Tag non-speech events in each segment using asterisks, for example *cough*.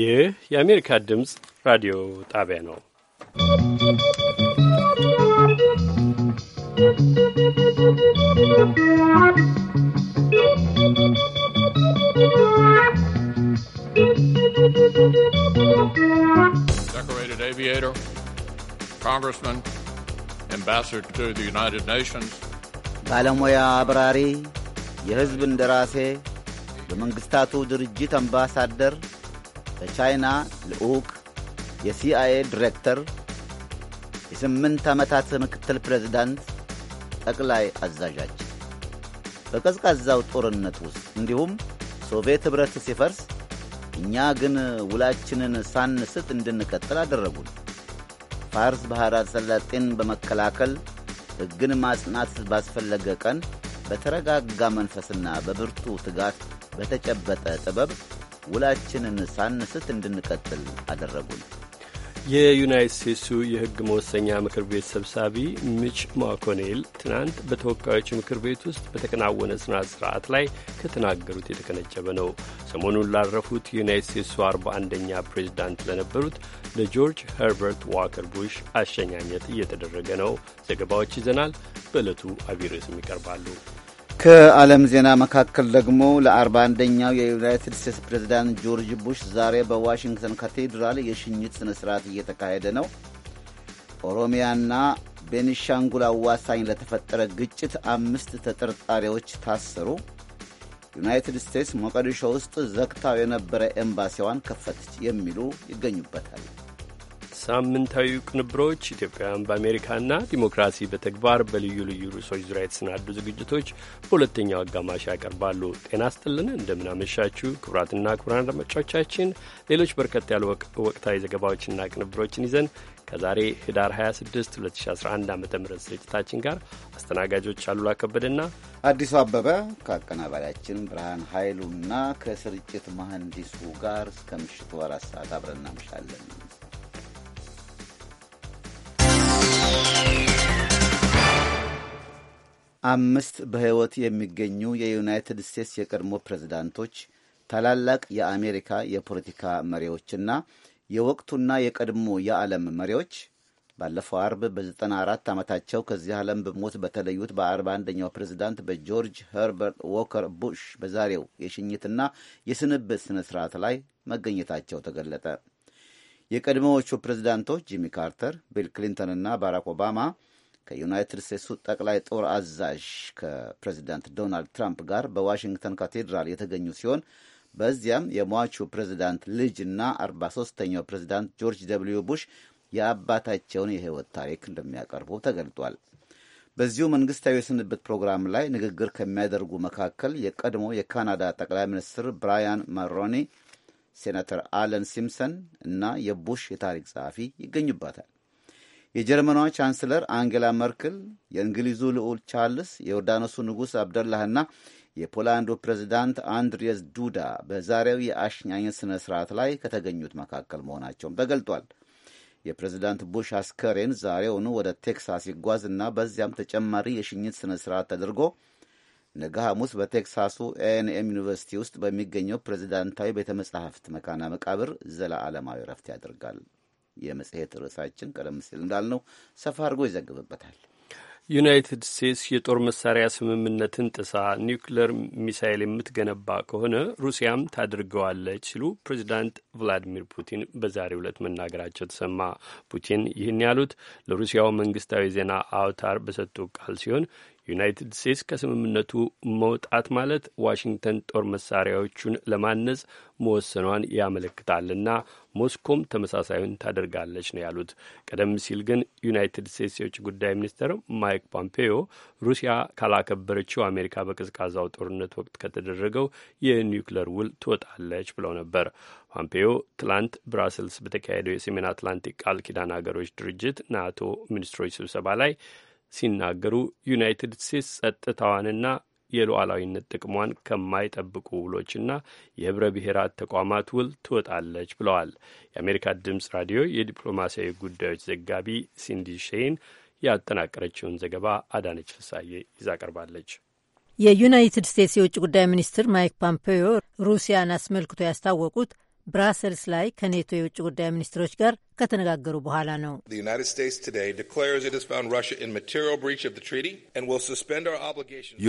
ይህ የአሜሪካ ድምፅ ራዲዮ ጣቢያ ነው። Decorated aviator, congressman, ambassador to the United Nations. ባለሙያ አብራሪ፣ የሕዝብ እንደራሴ፣ በመንግሥታቱ ድርጅት አምባሳደር በቻይና ልዑክ፣ የሲአይኤ ዲሬክተር፣ የስምንት ዓመታት ምክትል ፕሬዚዳንት፣ ጠቅላይ አዛዣችን በቀዝቃዛው ጦርነት ውስጥ እንዲሁም ሶቪየት ኅብረት ሲፈርስ እኛ ግን ውላችንን ሳንስት እንድንቀጥል አደረጉን። ፋርስ ባሕረ ሰላጤን በመከላከል ሕግን ማጽናት ባስፈለገ ቀን በተረጋጋ መንፈስና በብርቱ ትጋት በተጨበጠ ጥበብ ውላችንን ሳንስት እንድንቀጥል አደረጉን። የዩናይት ስቴትሱ የሕግ መወሰኛ ምክር ቤት ሰብሳቢ ሚች ማኮኔል ትናንት በተወካዮች ምክር ቤት ውስጥ በተከናወነ ስነ ስርዓት ላይ ከተናገሩት የተቀነጨበ ነው። ሰሞኑን ላረፉት የዩናይት ስቴትሱ አርባ አንደኛ ፕሬዚዳንት ለነበሩት ለጆርጅ ኸርበርት ዋከር ቡሽ አሸኛኘት እየተደረገ ነው። ዘገባዎች ይዘናል። በዕለቱ አቢሬስም ይቀርባሉ። ከዓለም ዜና መካከል ደግሞ ለ41ኛው የዩናይትድ ስቴትስ ፕሬዝዳንት ጆርጅ ቡሽ ዛሬ በዋሽንግተን ካቴድራል የሽኝት ስነ ስርዓት እየተካሄደ ነው። ኦሮሚያና ቤኒሻንጉል አዋሳኝ ለተፈጠረ ግጭት አምስት ተጠርጣሪዎች ታሰሩ። ዩናይትድ ስቴትስ ሞቃዲሾ ውስጥ ዘግታው የነበረ ኤምባሲዋን ከፈተች የሚሉ ይገኙበታል። ሳምንታዊ ቅንብሮች፣ ኢትዮጵያውያን በአሜሪካና ዲሞክራሲ በተግባር በልዩ ልዩ ርዕሶች ዙሪያ የተሰናዱ ዝግጅቶች በሁለተኛው አጋማሽ ያቀርባሉ። ጤና ስጥልን፣ እንደምናመሻችሁ ክቡራትና ክቡራን አድማጮቻችን ሌሎች በርከት ያሉ ወቅታዊ ዘገባዎችና ቅንብሮችን ይዘን ከዛሬ ህዳር 26 2011 ዓ ም ስርጭታችን ጋር አስተናጋጆች አሉላ ከበደና አዲሱ አበበ ከአቀናባሪያችን ብርሃን ኃይሉና ከስርጭት መሐንዲሱ ጋር እስከ ምሽቱ አራት ሰዓት አብረን አምስት በሕይወት የሚገኙ የዩናይትድ ስቴትስ የቀድሞ ፕሬዝዳንቶች ታላላቅ የአሜሪካ የፖለቲካ መሪዎችና የወቅቱና የቀድሞ የዓለም መሪዎች ባለፈው አርብ በ94 ዓመታቸው ከዚህ ዓለም በሞት በተለዩት በ41ኛው ፕሬዝዳንት በጆርጅ ኸርበርት ዎከር ቡሽ በዛሬው የሽኝትና የስንብት ስነ ስርዓት ላይ መገኘታቸው ተገለጠ። የቀድሞዎቹ ፕሬዝዳንቶች ጂሚ ካርተር፣ ቢል ክሊንተን እና ባራክ ኦባማ ከዩናይትድ ስቴትሱ ጠቅላይ ጦር አዛዥ ከፕሬዚዳንት ዶናልድ ትራምፕ ጋር በዋሽንግተን ካቴድራል የተገኙ ሲሆን በዚያም የሟቹ ፕሬዚዳንት ልጅ እና 43ተኛው ፕሬዚዳንት ጆርጅ ደብልዩ ቡሽ የአባታቸውን የህይወት ታሪክ እንደሚያቀርቡ ተገልጧል። በዚሁ መንግስታዊ የስንብት ፕሮግራም ላይ ንግግር ከሚያደርጉ መካከል የቀድሞ የካናዳ ጠቅላይ ሚኒስትር ብራያን ማሮኒ ሴናተር አለን ሲምሰን እና የቡሽ የታሪክ ጸሐፊ ይገኙባታል። የጀርመኗ ቻንስለር አንጌላ መርክል፣ የእንግሊዙ ልዑል ቻርልስ፣ የዮርዳኖሱ ንጉሥ አብደላህና የፖላንዱ ፕሬዚዳንት አንድሬስ ዱዳ በዛሬው የአሸኛኘት ሥነ ሥርዓት ላይ ከተገኙት መካከል መሆናቸውም ተገልጧል። የፕሬዚዳንት ቡሽ አስከሬን ዛሬውኑ ወደ ቴክሳስ ይጓዝ እና በዚያም ተጨማሪ የሽኝት ሥነ ሥርዓት ተደርጎ ነገ ሐሙስ በቴክሳሱ ኤንኤም ዩኒቨርሲቲ ውስጥ በሚገኘው ፕሬዚዳንታዊ ቤተ መጻሕፍት መካና መቃብር ዘላለማዊ ረፍት ያደርጋል። የመጽሔት ርዕሳችን ቀደም ሲል እንዳልነው ሰፋ አድርጎ ይዘግብበታል። ዩናይትድ ስቴትስ የጦር መሳሪያ ስምምነትን ጥሳ ኒውክሌር ሚሳይል የምትገነባ ከሆነ ሩሲያም ታድርገዋለች ሲሉ ፕሬዚዳንት ቭላዲሚር ፑቲን በዛሬው ዕለት መናገራቸው ተሰማ። ፑቲን ይህን ያሉት ለሩሲያው መንግስታዊ ዜና አውታር በሰጡ ቃል ሲሆን ዩናይትድ ስቴትስ ከስምምነቱ መውጣት ማለት ዋሽንግተን ጦር መሳሪያዎቹን ለማነጽ መወሰኗን ያመለክታልና ሞስኮም ተመሳሳዩን ታደርጋለች ነው ያሉት። ቀደም ሲል ግን ዩናይትድ ስቴትስ የውጭ ጉዳይ ሚኒስትር ማይክ ፖምፔዮ ሩሲያ ካላከበረችው አሜሪካ በቀዝቃዛው ጦርነት ወቅት ከተደረገው የኒውክለር ውል ትወጣለች ብለው ነበር። ፖምፔዮ ትላንት ብራስልስ በተካሄደው የሰሜን አትላንቲክ ቃል ኪዳን ሀገሮች ድርጅት ናቶ ሚኒስትሮች ስብሰባ ላይ ሲናገሩ ዩናይትድ ስቴትስ ጸጥታዋንና የሉዓላዊነት ጥቅሟን ከማይጠብቁ ውሎችና የህብረ ብሔራት ተቋማት ውል ትወጣለች ብለዋል። የአሜሪካ ድምፅ ራዲዮ የዲፕሎማሲያዊ ጉዳዮች ዘጋቢ ሲንዲ ሼን ያጠናቀረችውን ዘገባ አዳነች ፍሳዬ ይዛ ቀርባለች። የዩናይትድ ስቴትስ የውጭ ጉዳይ ሚኒስትር ማይክ ፖምፔዮ ሩሲያን አስመልክቶ ያስታወቁት ብራሰልስ ላይ ከኔቶ የውጭ ጉዳይ ሚኒስትሮች ጋር ከተነጋገሩ በኋላ ነው።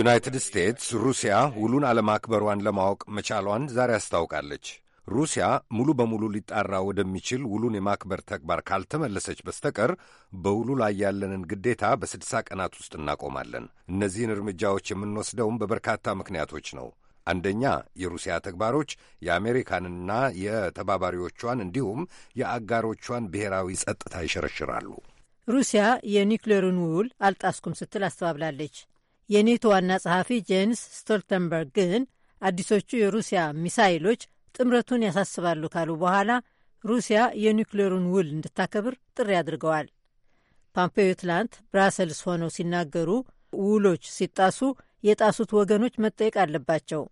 ዩናይትድ ስቴትስ ሩሲያ ውሉን አለማክበሯን ለማወቅ መቻሏን ዛሬ አስታውቃለች። ሩሲያ ሙሉ በሙሉ ሊጣራ ወደሚችል ውሉን የማክበር ተግባር ካልተመለሰች በስተቀር በውሉ ላይ ያለንን ግዴታ በስድሳ ቀናት ውስጥ እናቆማለን። እነዚህን እርምጃዎች የምንወስደውም በበርካታ ምክንያቶች ነው። አንደኛ የሩሲያ ተግባሮች የአሜሪካንና የተባባሪዎቿን እንዲሁም የአጋሮቿን ብሔራዊ ጸጥታ ይሸረሽራሉ። ሩሲያ የኒውክሌሩን ውል አልጣስኩም ስትል አስተባብላለች። የኔቶ ዋና ጸሐፊ ጄንስ ስቶልተንበርግ ግን አዲሶቹ የሩሲያ ሚሳይሎች ጥምረቱን ያሳስባሉ ካሉ በኋላ ሩሲያ የኒውክሌሩን ውል እንድታከብር ጥሪ አድርገዋል። ፖምፔዮ ትላንት ብራሰልስ ሆነው ሲናገሩ ውሎች ሲጣሱ የጣሱት ወገኖች መጠየቅ አለባቸው።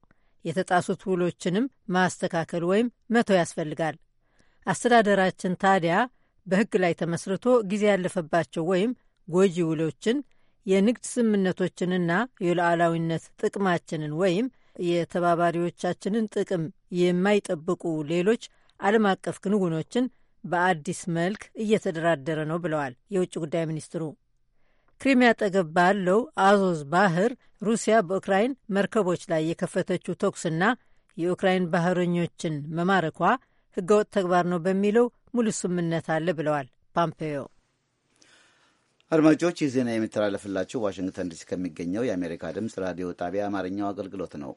የተጣሱት ውሎችንም ማስተካከል ወይም መተው ያስፈልጋል። አስተዳደራችን ታዲያ በሕግ ላይ ተመስርቶ ጊዜ ያለፈባቸው ወይም ጎጂ ውሎችን፣ የንግድ ስምምነቶችንና የሉዓላዊነት ጥቅማችንን ወይም የተባባሪዎቻችንን ጥቅም የማይጠብቁ ሌሎች ዓለም አቀፍ ክንውኖችን በአዲስ መልክ እየተደራደረ ነው ብለዋል የውጭ ጉዳይ ሚኒስትሩ። ክሪሚያ አጠገብ ባለው አዞዝ ባህር ሩሲያ በኡክራይን መርከቦች ላይ የከፈተችው ተኩስና የኡክራይን ባህረኞችን መማረኳ ህገወጥ ተግባር ነው በሚለው ሙሉ ስምምነት አለ ብለዋል ፓምፔዮ። አድማጮች ይህ ዜና የሚተላለፍላችሁ ዋሽንግተን ዲሲ ከሚገኘው የአሜሪካ ድምፅ ራዲዮ ጣቢያ አማርኛው አገልግሎት ነው።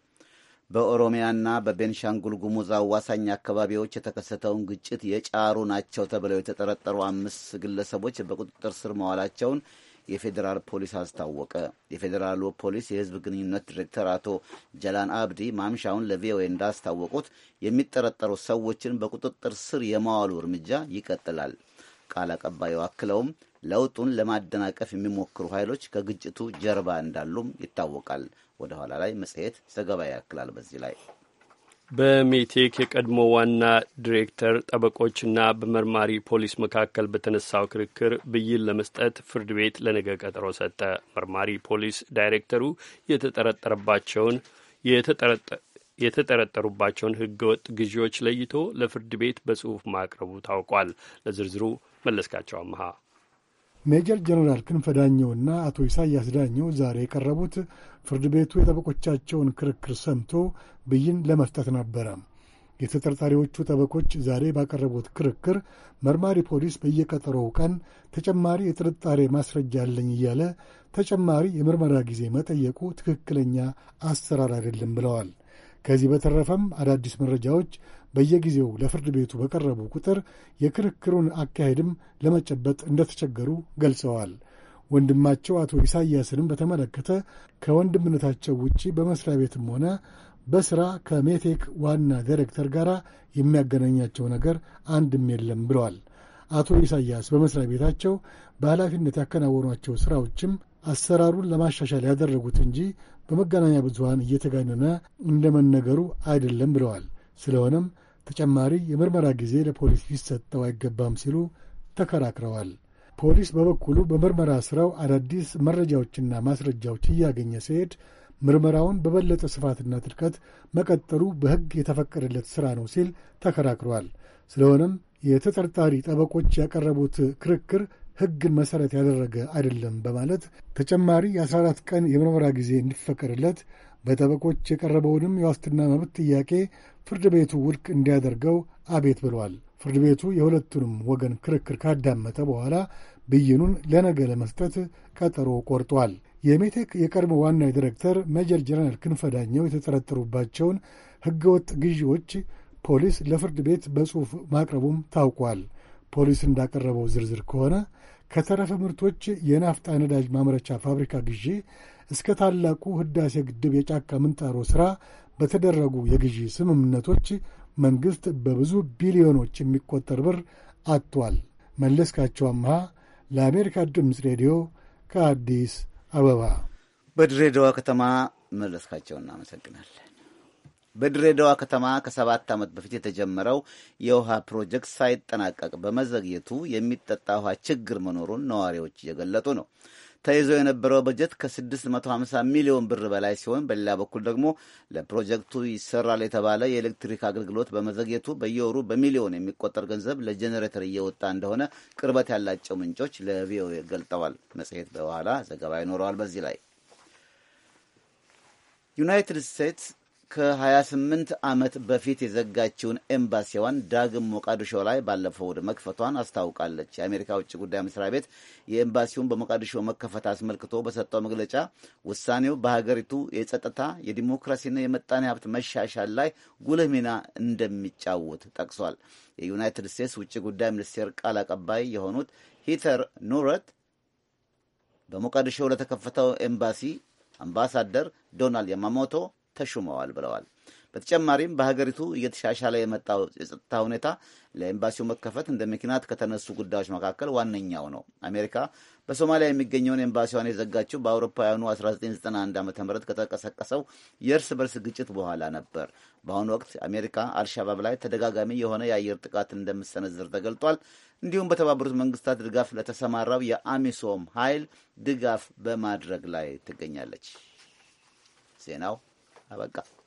በኦሮሚያና በቤንሻንጉል ጉሙዝ አዋሳኝ አካባቢዎች የተከሰተውን ግጭት የጫሩ ናቸው ተብለው የተጠረጠሩ አምስት ግለሰቦች በቁጥጥር ስር መዋላቸውን የፌዴራል ፖሊስ አስታወቀ። የፌዴራሉ ፖሊስ የህዝብ ግንኙነት ዲሬክተር አቶ ጀላን አብዲ ማምሻውን ለቪኦኤ እንዳስታወቁት የሚጠረጠሩ ሰዎችን በቁጥጥር ስር የማዋሉ እርምጃ ይቀጥላል። ቃል አቀባዩ አክለውም ለውጡን ለማደናቀፍ የሚሞክሩ ኃይሎች ከግጭቱ ጀርባ እንዳሉም ይታወቃል። ወደ ኋላ ላይ መጽሔት ዘገባ ያክላል በዚህ ላይ በሜቴክ የቀድሞ ዋና ዲሬክተር ጠበቆችና በመርማሪ ፖሊስ መካከል በተነሳው ክርክር ብይን ለመስጠት ፍርድ ቤት ለነገ ቀጠሮ ሰጠ። መርማሪ ፖሊስ ዳይሬክተሩ የተጠረጠረባቸውን የተጠረጠሩባቸውን ህገወጥ ግዢዎች ለይቶ ለፍርድ ቤት በጽሑፍ ማቅረቡ ታውቋል። ለዝርዝሩ መለስካቸው አመሃ ሜጀር ጀነራል ክንፈ ዳኘውና አቶ ኢሳያስ ዳኘው ዛሬ የቀረቡት ፍርድ ቤቱ የጠበቆቻቸውን ክርክር ሰምቶ ብይን ለመስጠት ነበረ። የተጠርጣሪዎቹ ጠበቆች ዛሬ ባቀረቡት ክርክር መርማሪ ፖሊስ በየቀጠሮው ቀን ተጨማሪ የጥርጣሬ ማስረጃ አለኝ እያለ ተጨማሪ የምርመራ ጊዜ መጠየቁ ትክክለኛ አሰራር አይደለም ብለዋል። ከዚህ በተረፈም አዳዲስ መረጃዎች በየጊዜው ለፍርድ ቤቱ በቀረቡ ቁጥር የክርክሩን አካሄድም ለመጨበጥ እንደተቸገሩ ገልጸዋል። ወንድማቸው አቶ ኢሳያስንም በተመለከተ ከወንድምነታቸው ውጪ በመስሪያ ቤትም ሆነ በሥራ ከሜቴክ ዋና ዳይሬክተር ጋር የሚያገናኛቸው ነገር አንድም የለም ብለዋል። አቶ ኢሳያስ በመስሪያ ቤታቸው በኃላፊነት ያከናወኗቸው ሥራዎችም አሰራሩን ለማሻሻል ያደረጉት እንጂ በመገናኛ ብዙሃን እየተጋነነ እንደመነገሩ አይደለም ብለዋል። ስለሆነም ተጨማሪ የምርመራ ጊዜ ለፖሊስ ሊሰጠው አይገባም ሲሉ ተከራክረዋል። ፖሊስ በበኩሉ በምርመራ ስራው አዳዲስ መረጃዎችና ማስረጃዎች እያገኘ ሲሄድ ምርመራውን በበለጠ ስፋትና ጥልቀት መቀጠሉ በሕግ የተፈቀደለት ሥራ ነው ሲል ተከራክሯል። ስለሆነም የተጠርጣሪ ጠበቆች ያቀረቡት ክርክር ሕግን መሠረት ያደረገ አይደለም በማለት ተጨማሪ የ14 ቀን የምርመራ ጊዜ እንዲፈቀድለት በጠበቆች የቀረበውንም የዋስትና መብት ጥያቄ ፍርድ ቤቱ ውድቅ እንዲያደርገው አቤት ብለዋል። ፍርድ ቤቱ የሁለቱንም ወገን ክርክር ካዳመጠ በኋላ ብይኑን ለነገ ለመስጠት ቀጠሮ ቆርጧል። የሜቴክ የቀድሞ ዋና ዲሬክተር ሜጀር ጀነራል ክንፈ ዳኘው የተጠረጠሩባቸውን ሕገወጥ ግዢዎች ፖሊስ ለፍርድ ቤት በጽሑፍ ማቅረቡም ታውቋል። ፖሊስ እንዳቀረበው ዝርዝር ከሆነ ከተረፈ ምርቶች የናፍጣ ነዳጅ ማምረቻ ፋብሪካ ግዢ እስከ ታላቁ ህዳሴ ግድብ የጫካ ምንጣሮ ሥራ በተደረጉ የግዢ ስምምነቶች መንግሥት በብዙ ቢሊዮኖች የሚቆጠር ብር አጥቷል። መለስካቸው አምሃ ለአሜሪካ ድምፅ ሬዲዮ ከአዲስ አበባ በድሬዳዋ ከተማ። መለስካቸው እናመሰግናለን። በድሬዳዋ ከተማ ከሰባት ዓመት በፊት የተጀመረው የውሃ ፕሮጀክት ሳይጠናቀቅ በመዘግየቱ የሚጠጣ ውሃ ችግር መኖሩን ነዋሪዎች እየገለጡ ነው። ተይዞ የነበረው በጀት ከ650 ሚሊዮን ብር በላይ ሲሆን በሌላ በኩል ደግሞ ለፕሮጀክቱ ይሰራል የተባለ የኤሌክትሪክ አገልግሎት በመዘግየቱ በየወሩ በሚሊዮን የሚቆጠር ገንዘብ ለጄኔሬተር እየወጣ እንደሆነ ቅርበት ያላቸው ምንጮች ለቪኦኤ ገልጠዋል። መጽሔት በኋላ ዘገባ ይኖረዋል። በዚህ ላይ ዩናይትድ ስቴትስ ከ28 ዓመት በፊት የዘጋችውን ኤምባሲዋን ዳግም ሞቃዲሾ ላይ ባለፈው እሁድ መክፈቷን አስታውቃለች። የአሜሪካ ውጭ ጉዳይ መስሪያ ቤት የኤምባሲውን በሞቃዲሾ መከፈት አስመልክቶ በሰጠው መግለጫ ውሳኔው በሀገሪቱ የጸጥታ የዲሞክራሲና የመጣኔ ሀብት መሻሻል ላይ ጉልህ ሚና እንደሚጫወት ጠቅሷል። የዩናይትድ ስቴትስ ውጭ ጉዳይ ሚኒስቴር ቃል አቀባይ የሆኑት ሂተር ኑረት በሞቃዲሾ ለተከፈተው ኤምባሲ አምባሳደር ዶናልድ የማሞቶ ተሹመዋል ብለዋል። በተጨማሪም በሀገሪቱ እየተሻሻለ የመጣው የጸጥታ ሁኔታ ለኤምባሲው መከፈት እንደ ምክንያት ከተነሱ ጉዳዮች መካከል ዋነኛው ነው። አሜሪካ በሶማሊያ የሚገኘውን ኤምባሲዋን የዘጋችው በአውሮፓውያኑ 1991 ዓ ም ከተቀሰቀሰው የእርስ በርስ ግጭት በኋላ ነበር። በአሁኑ ወቅት አሜሪካ አልሻባብ ላይ ተደጋጋሚ የሆነ የአየር ጥቃት እንደምሰነዝር ተገልጧል። እንዲሁም በተባበሩት መንግስታት ድጋፍ ለተሰማራው የአሚሶም ኃይል ድጋፍ በማድረግ ላይ ትገኛለች። ዜናው አበቃ።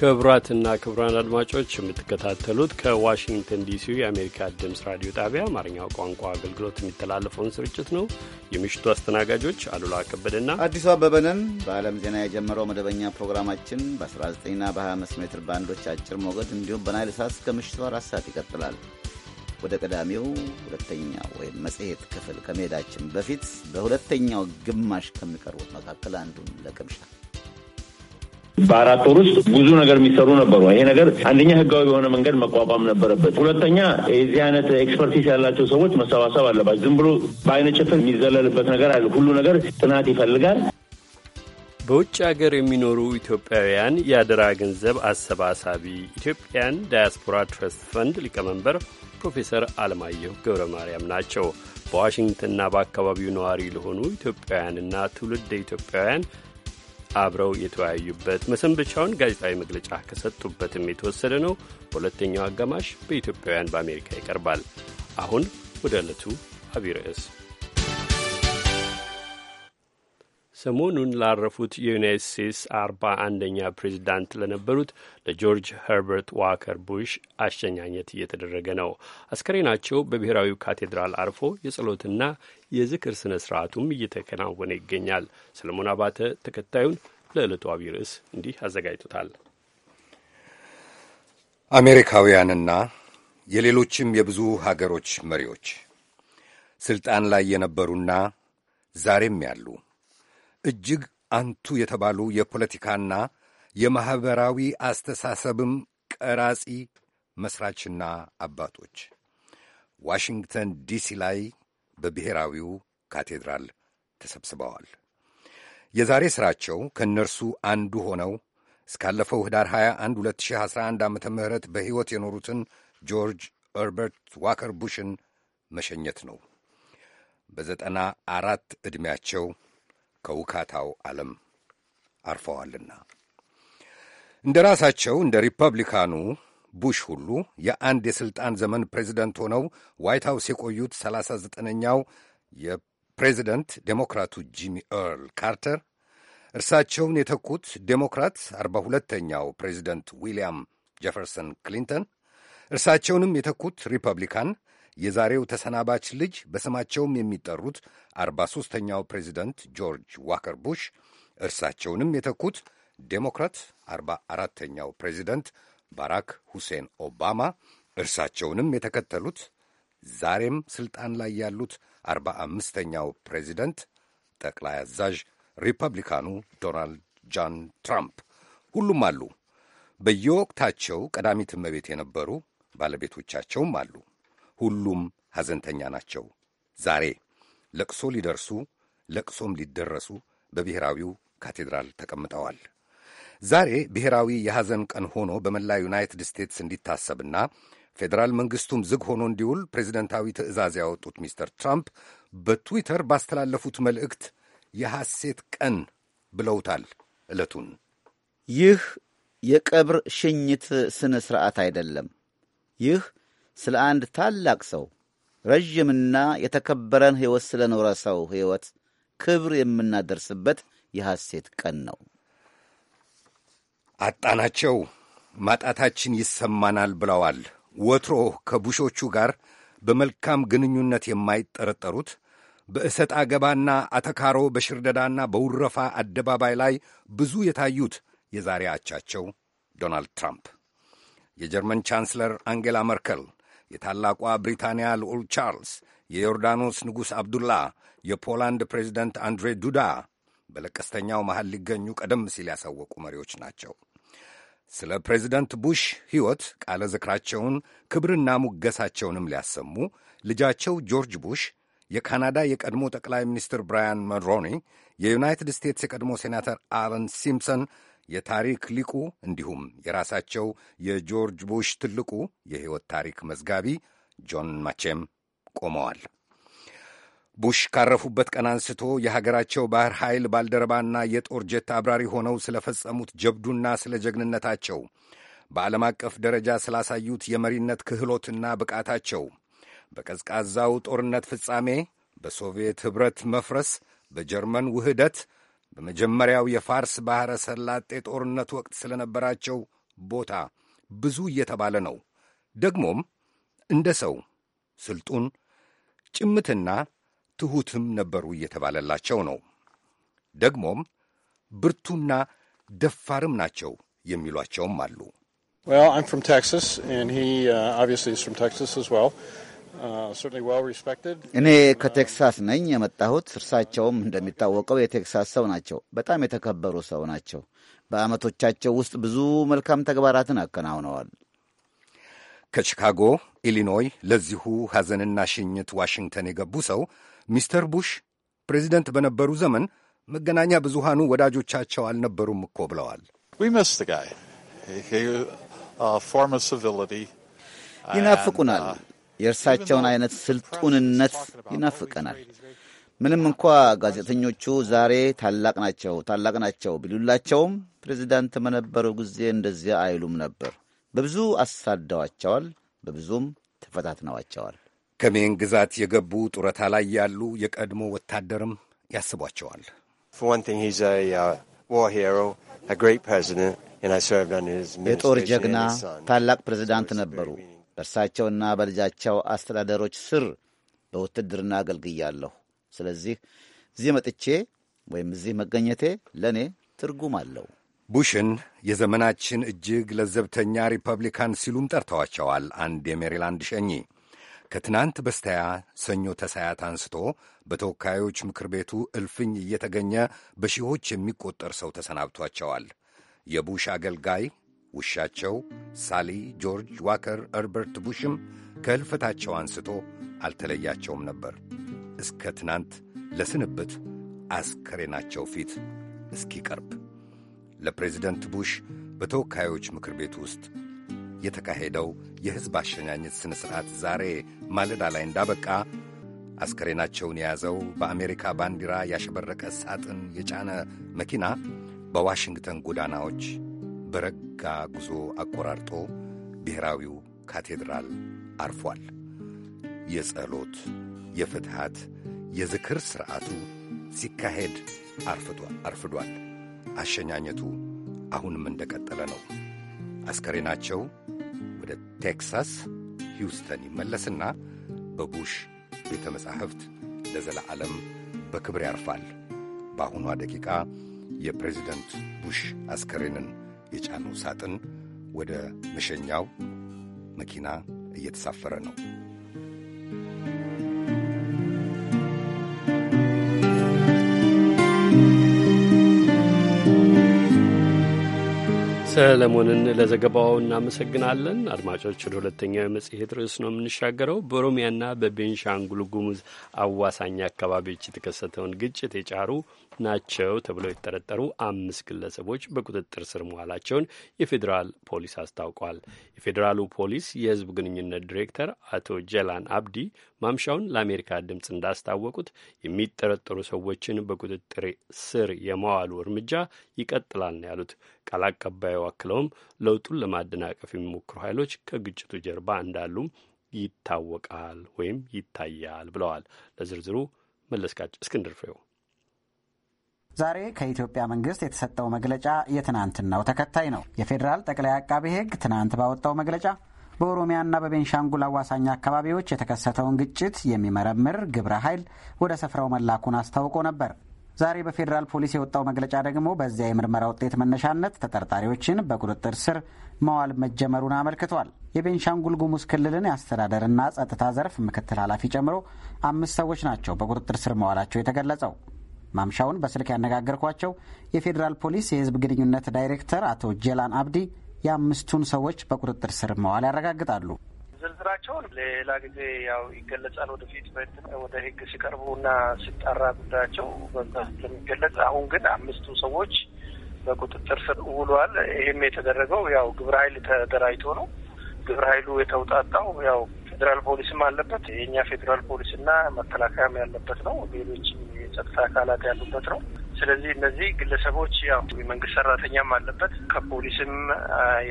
ክቡራትና ክቡራን አድማጮች የምትከታተሉት ከዋሽንግተን ዲሲ የአሜሪካ ድምፅ ራዲዮ ጣቢያ አማርኛው ቋንቋ አገልግሎት የሚተላለፈውን ስርጭት ነው። የምሽቱ አስተናጋጆች አሉላ ከበደና አዲሱ አበበንን በዓለም ዜና የጀመረው መደበኛ ፕሮግራማችን በ19ና በ25 ሜትር ባንዶች አጭር ሞገድ እንዲሁም በናይል ሳት እስከ ምሽቱ አራት ሰዓት ይቀጥላል። ወደ ቀዳሚው ሁለተኛው ወይም መጽሔት ክፍል ከመሄዳችን በፊት በሁለተኛው ግማሽ ከሚቀርቡት መካከል አንዱን ለቅምሻ በአራት ወር ውስጥ ብዙ ነገር የሚሰሩ ነበሩ። ይሄ ነገር አንደኛ ህጋዊ በሆነ መንገድ መቋቋም ነበረበት። ሁለተኛ የዚህ አይነት ኤክስፐርቲስ ያላቸው ሰዎች መሰባሰብ አለባቸው። ዝም ብሎ በአይነ ጭፍን የሚዘለልበት ነገር አለ። ሁሉ ነገር ጥናት ይፈልጋል። በውጭ ሀገር የሚኖሩ ኢትዮጵያውያን የአደራ ገንዘብ አሰባሳቢ ኢትዮጵያን ዳያስፖራ ትረስት ፈንድ ሊቀመንበር ፕሮፌሰር አለማየሁ ገብረ ማርያም ናቸው። በዋሽንግተንና በአካባቢው ነዋሪ ለሆኑ ኢትዮጵያውያንና ትውልድ ኢትዮጵያውያን አብረው የተወያዩበት መሰንበቻውን ጋዜጣዊ መግለጫ ከሰጡበትም የተወሰደ ነው። በሁለተኛው አጋማሽ በኢትዮጵያውያን በአሜሪካ ይቀርባል። አሁን ወደ ዕለቱ አቢይ ርዕስ ሰሞኑን ላረፉት የዩናይት ስቴትስ አርባ አንደኛ ፕሬዚዳንት ለነበሩት ለጆርጅ ኸርበርት ዋከር ቡሽ አሸኛኘት እየተደረገ ነው። አስከሬናቸው በብሔራዊው ካቴድራል አርፎ የጸሎትና የዝክር ስነ ስርዓቱም እየተከናወነ ይገኛል። ሰለሞን አባተ ተከታዩን ለዕለቱ አብይ ርዕስ እንዲህ አዘጋጅቶታል። አሜሪካውያንና የሌሎችም የብዙ ሀገሮች መሪዎች ስልጣን ላይ የነበሩና ዛሬም ያሉ እጅግ አንቱ የተባሉ የፖለቲካና የማኅበራዊ አስተሳሰብም ቀራጺ መሥራችና አባቶች ዋሽንግተን ዲሲ ላይ በብሔራዊው ካቴድራል ተሰብስበዋል። የዛሬ ሥራቸው ከእነርሱ አንዱ ሆነው እስካለፈው ኅዳር 21 2011 ዓ ም በሕይወት የኖሩትን ጆርጅ ኸርበርት ዋከር ቡሽን መሸኘት ነው። በዘጠና አራት ዕድሜያቸው ከውካታው ዓለም አርፈዋልና እንደ ራሳቸው እንደ ሪፐብሊካኑ ቡሽ ሁሉ የአንድ የሥልጣን ዘመን ፕሬዚደንት ሆነው ዋይት ሃውስ የቆዩት 39ኛው የፕሬዚደንት ዴሞክራቱ ጂሚ ኤርል ካርተር እርሳቸውን የተኩት ዴሞክራት 42ተኛው ፕሬዚደንት ዊልያም ጄፈርሰን ክሊንተን እርሳቸውንም የተኩት ሪፐብሊካን የዛሬው ተሰናባች ልጅ በስማቸውም የሚጠሩት አርባ ሦስተኛው ፕሬዚደንት ጆርጅ ዋከር ቡሽ እርሳቸውንም የተኩት ዴሞክራት አርባ አራተኛው ፕሬዚደንት ባራክ ሁሴን ኦባማ እርሳቸውንም የተከተሉት ዛሬም ስልጣን ላይ ያሉት አርባ አምስተኛው ፕሬዚደንት ጠቅላይ አዛዥ ሪፐብሊካኑ ዶናልድ ጃን ትራምፕ ሁሉም አሉ። በየወቅታቸው ቀዳሚት እመቤት የነበሩ ባለቤቶቻቸውም አሉ። ሁሉም ሐዘንተኛ ናቸው። ዛሬ ለቅሶ ሊደርሱ ለቅሶም ሊደረሱ በብሔራዊው ካቴድራል ተቀምጠዋል። ዛሬ ብሔራዊ የሐዘን ቀን ሆኖ በመላ ዩናይትድ ስቴትስ እንዲታሰብና ፌዴራል መንግስቱም ዝግ ሆኖ እንዲውል ፕሬዚደንታዊ ትዕዛዝ ያወጡት ሚስተር ትራምፕ በትዊተር ባስተላለፉት መልእክት የሐሴት ቀን ብለውታል ዕለቱን። ይህ የቀብር ሽኝት ሥነ ሥርዓት አይደለም። ይህ ስለ አንድ ታላቅ ሰው ረዥምና የተከበረን ሕይወት ስለ ኖረ ሰው ሕይወት ክብር የምናደርስበት የሐሴት ቀን ነው። አጣናቸው ማጣታችን ይሰማናል ብለዋል። ወትሮ ከቡሾቹ ጋር በመልካም ግንኙነት የማይጠረጠሩት በእሰጥ አገባና አተካሮ በሽርደዳና በውረፋ አደባባይ ላይ ብዙ የታዩት የዛሬ አቻቸው ዶናልድ ትራምፕ፣ የጀርመን ቻንስለር አንጌላ መርከል የታላቋ ብሪታንያ ልዑል ቻርልስ፣ የዮርዳኖስ ንጉሥ አብዱላ፣ የፖላንድ ፕሬዚደንት አንድሬ ዱዳ በለቀስተኛው መሃል ሊገኙ ቀደም ሲል ያሳወቁ መሪዎች ናቸው። ስለ ፕሬዚደንት ቡሽ ሕይወት ቃለ ዝክራቸውን ክብርና ሙገሳቸውንም ሊያሰሙ ልጃቸው ጆርጅ ቡሽ፣ የካናዳ የቀድሞ ጠቅላይ ሚኒስትር ብራያን መሮኒ፣ የዩናይትድ ስቴትስ የቀድሞ ሴናተር አለን ሲምፕሰን የታሪክ ሊቁ እንዲሁም የራሳቸው የጆርጅ ቡሽ ትልቁ የሕይወት ታሪክ መዝጋቢ ጆን ማቼም ቆመዋል። ቡሽ ካረፉበት ቀን አንስቶ የሀገራቸው ባህር ኃይል ባልደረባና የጦር ጀት አብራሪ ሆነው ስለፈጸሙት ጀብዱና ስለ ጀግንነታቸው በዓለም አቀፍ ደረጃ ስላሳዩት የመሪነት ክህሎትና ብቃታቸው በቀዝቃዛው ጦርነት ፍጻሜ፣ በሶቪየት ኅብረት መፍረስ፣ በጀርመን ውህደት በመጀመሪያው የፋርስ ባሕረ ሰላጤ ጦርነት ወቅት ስለነበራቸው ቦታ ብዙ እየተባለ ነው። ደግሞም እንደ ሰው ስልጡን፣ ጭምትና ትሑትም ነበሩ እየተባለላቸው ነው። ደግሞም ብርቱና ደፋርም ናቸው የሚሏቸውም አሉ። Well, I'm from Texas, and he uh, obviously is from Texas as well. Uh, እኔ ከቴክሳስ ነኝ የመጣሁት። እርሳቸውም እንደሚታወቀው የቴክሳስ ሰው ናቸው። በጣም የተከበሩ ሰው ናቸው። በዓመቶቻቸው ውስጥ ብዙ መልካም ተግባራትን አከናውነዋል። ከቺካጎ ኢሊኖይ ለዚሁ ሐዘንና ሽኝት ዋሽንግተን የገቡ ሰው ሚስተር ቡሽ ፕሬዚደንት በነበሩ ዘመን መገናኛ ብዙሃኑ ወዳጆቻቸው አልነበሩም እኮ ብለዋል። uh, ይናፍቁናል። uh, የእርሳቸውን አይነት ስልጡንነት ይናፍቀናል። ምንም እንኳ ጋዜጠኞቹ ዛሬ ታላቅ ናቸው ታላቅ ናቸው ቢሉላቸውም ፕሬዚዳንት በነበሩ ጊዜ እንደዚያ አይሉም ነበር። በብዙ አሳደዋቸዋል፣ በብዙም ተፈታትነዋቸዋል። ከሜን ግዛት የገቡ ጡረታ ላይ ያሉ የቀድሞ ወታደርም ያስቧቸዋል። uh, የጦር ጀግና ታላቅ ፕሬዚዳንት ነበሩ። በእርሳቸውና በልጃቸው አስተዳደሮች ስር በውትድርና አገልግያለሁ። ስለዚህ እዚህ መጥቼ ወይም እዚህ መገኘቴ ለእኔ ትርጉም አለው። ቡሽን የዘመናችን እጅግ ለዘብተኛ ሪፐብሊካን ሲሉም ጠርተዋቸዋል አንድ የሜሪላንድ ሸኚ። ከትናንት በስተያ ሰኞ ተሳያት አንስቶ በተወካዮች ምክር ቤቱ እልፍኝ እየተገኘ በሺዎች የሚቆጠር ሰው ተሰናብቷቸዋል። የቡሽ አገልጋይ ውሻቸው ሳሊ ጆርጅ ዋከር እርበርት ቡሽም ከሕልፈታቸው አንስቶ አልተለያቸውም ነበር። እስከ ትናንት ለስንብት አስከሬናቸው ፊት እስኪቀርብ ለፕሬዚደንት ቡሽ በተወካዮች ምክር ቤት ውስጥ የተካሄደው የሕዝብ አሸኛኘት ሥነ ሥርዓት ዛሬ ማለዳ ላይ እንዳበቃ አስከሬናቸውን የያዘው በአሜሪካ ባንዲራ ያሸበረቀ ሳጥን የጫነ መኪና በዋሽንግተን ጎዳናዎች በረጋ ጉዞ አቆራርጦ ብሔራዊው ካቴድራል አርፏል። የጸሎት የፍትሐት፣ የዝክር ሥርዓቱ ሲካሄድ አርፍዷል። አሸኛኘቱ አሁንም እንደቀጠለ ነው። አስከሬናቸው ወደ ቴክሳስ ሂውስተን ይመለስና በቡሽ ቤተ መጻሕፍት ዓለም በክብር ያርፋል። በአሁኗ ደቂቃ የፕሬዚደንት ቡሽ አስከሬንን የጫኑ ሳጥን ወደ መሸኛው መኪና እየተሳፈረ ነው። ሰለሞንን ለዘገባው እናመሰግናለን። አድማጮች ወደ ሁለተኛው የመጽሔት ርዕስ ነው የምንሻገረው። በኦሮሚያና በቤንሻንጉል ጉሙዝ አዋሳኝ አካባቢዎች የተከሰተውን ግጭት የጫሩ ናቸው ተብለው የተጠረጠሩ አምስት ግለሰቦች በቁጥጥር ስር መዋላቸውን የፌዴራል ፖሊስ አስታውቋል። የፌዴራሉ ፖሊስ የሕዝብ ግንኙነት ዲሬክተር አቶ ጀላን አብዲ ማምሻውን ለአሜሪካ ድምፅ እንዳስታወቁት የሚጠረጠሩ ሰዎችን በቁጥጥር ስር የመዋሉ እርምጃ ይቀጥላል ነው ያሉት። ቃል አቀባዩ አክለውም ለውጡን ለማደናቀፍ የሚሞክሩ ኃይሎች ከግጭቱ ጀርባ እንዳሉም ይታወቃል ወይም ይታያል ብለዋል። ለዝርዝሩ መለስካቸው እስክንድር ፍሬው ዛሬ ከኢትዮጵያ መንግስት የተሰጠው መግለጫ የትናንትናው ተከታይ ነው። የፌዴራል ጠቅላይ አቃቤ ሕግ ትናንት ባወጣው መግለጫ በኦሮሚያና በቤንሻንጉል አዋሳኝ አካባቢዎች የተከሰተውን ግጭት የሚመረምር ግብረ ኃይል ወደ ስፍራው መላኩን አስታውቆ ነበር። ዛሬ በፌዴራል ፖሊስ የወጣው መግለጫ ደግሞ በዚያ የምርመራ ውጤት መነሻነት ተጠርጣሪዎችን በቁጥጥር ስር መዋል መጀመሩን አመልክቷል። የቤንሻንጉል ጉሙዝ ክልልን የአስተዳደርና ጸጥታ ዘርፍ ምክትል ኃላፊ ጨምሮ አምስት ሰዎች ናቸው በቁጥጥር ስር መዋላቸው የተገለጸው። ማምሻውን በስልክ ያነጋገርኳቸው የፌዴራል ፖሊስ የሕዝብ ግንኙነት ዳይሬክተር አቶ ጄላን አብዲ የአምስቱን ሰዎች በቁጥጥር ስር መዋል ያረጋግጣሉ። ዝርዝራቸውን ሌላ ጊዜ ያው ይገለጻል። ወደፊት ወደ ህግ ሲቀርቡ እና ሲጣራ ጉዳያቸው በዛ ስለሚገለጽ፣ አሁን ግን አምስቱ ሰዎች በቁጥጥር ስር ውሏል። ይህም የተደረገው ያው ግብረ ኃይል ተደራጅቶ ነው። ግብረ ኃይሉ የተውጣጣው ያው ፌዴራል ፖሊስም አለበት፣ የእኛ ፌዴራል ፖሊስና መከላከያም ያለበት ነው። ሌሎችም የጸጥታ አካላት ያሉበት ነው። ስለዚህ እነዚህ ግለሰቦች ያው የመንግስት ሰራተኛም አለበት፣ ከፖሊስም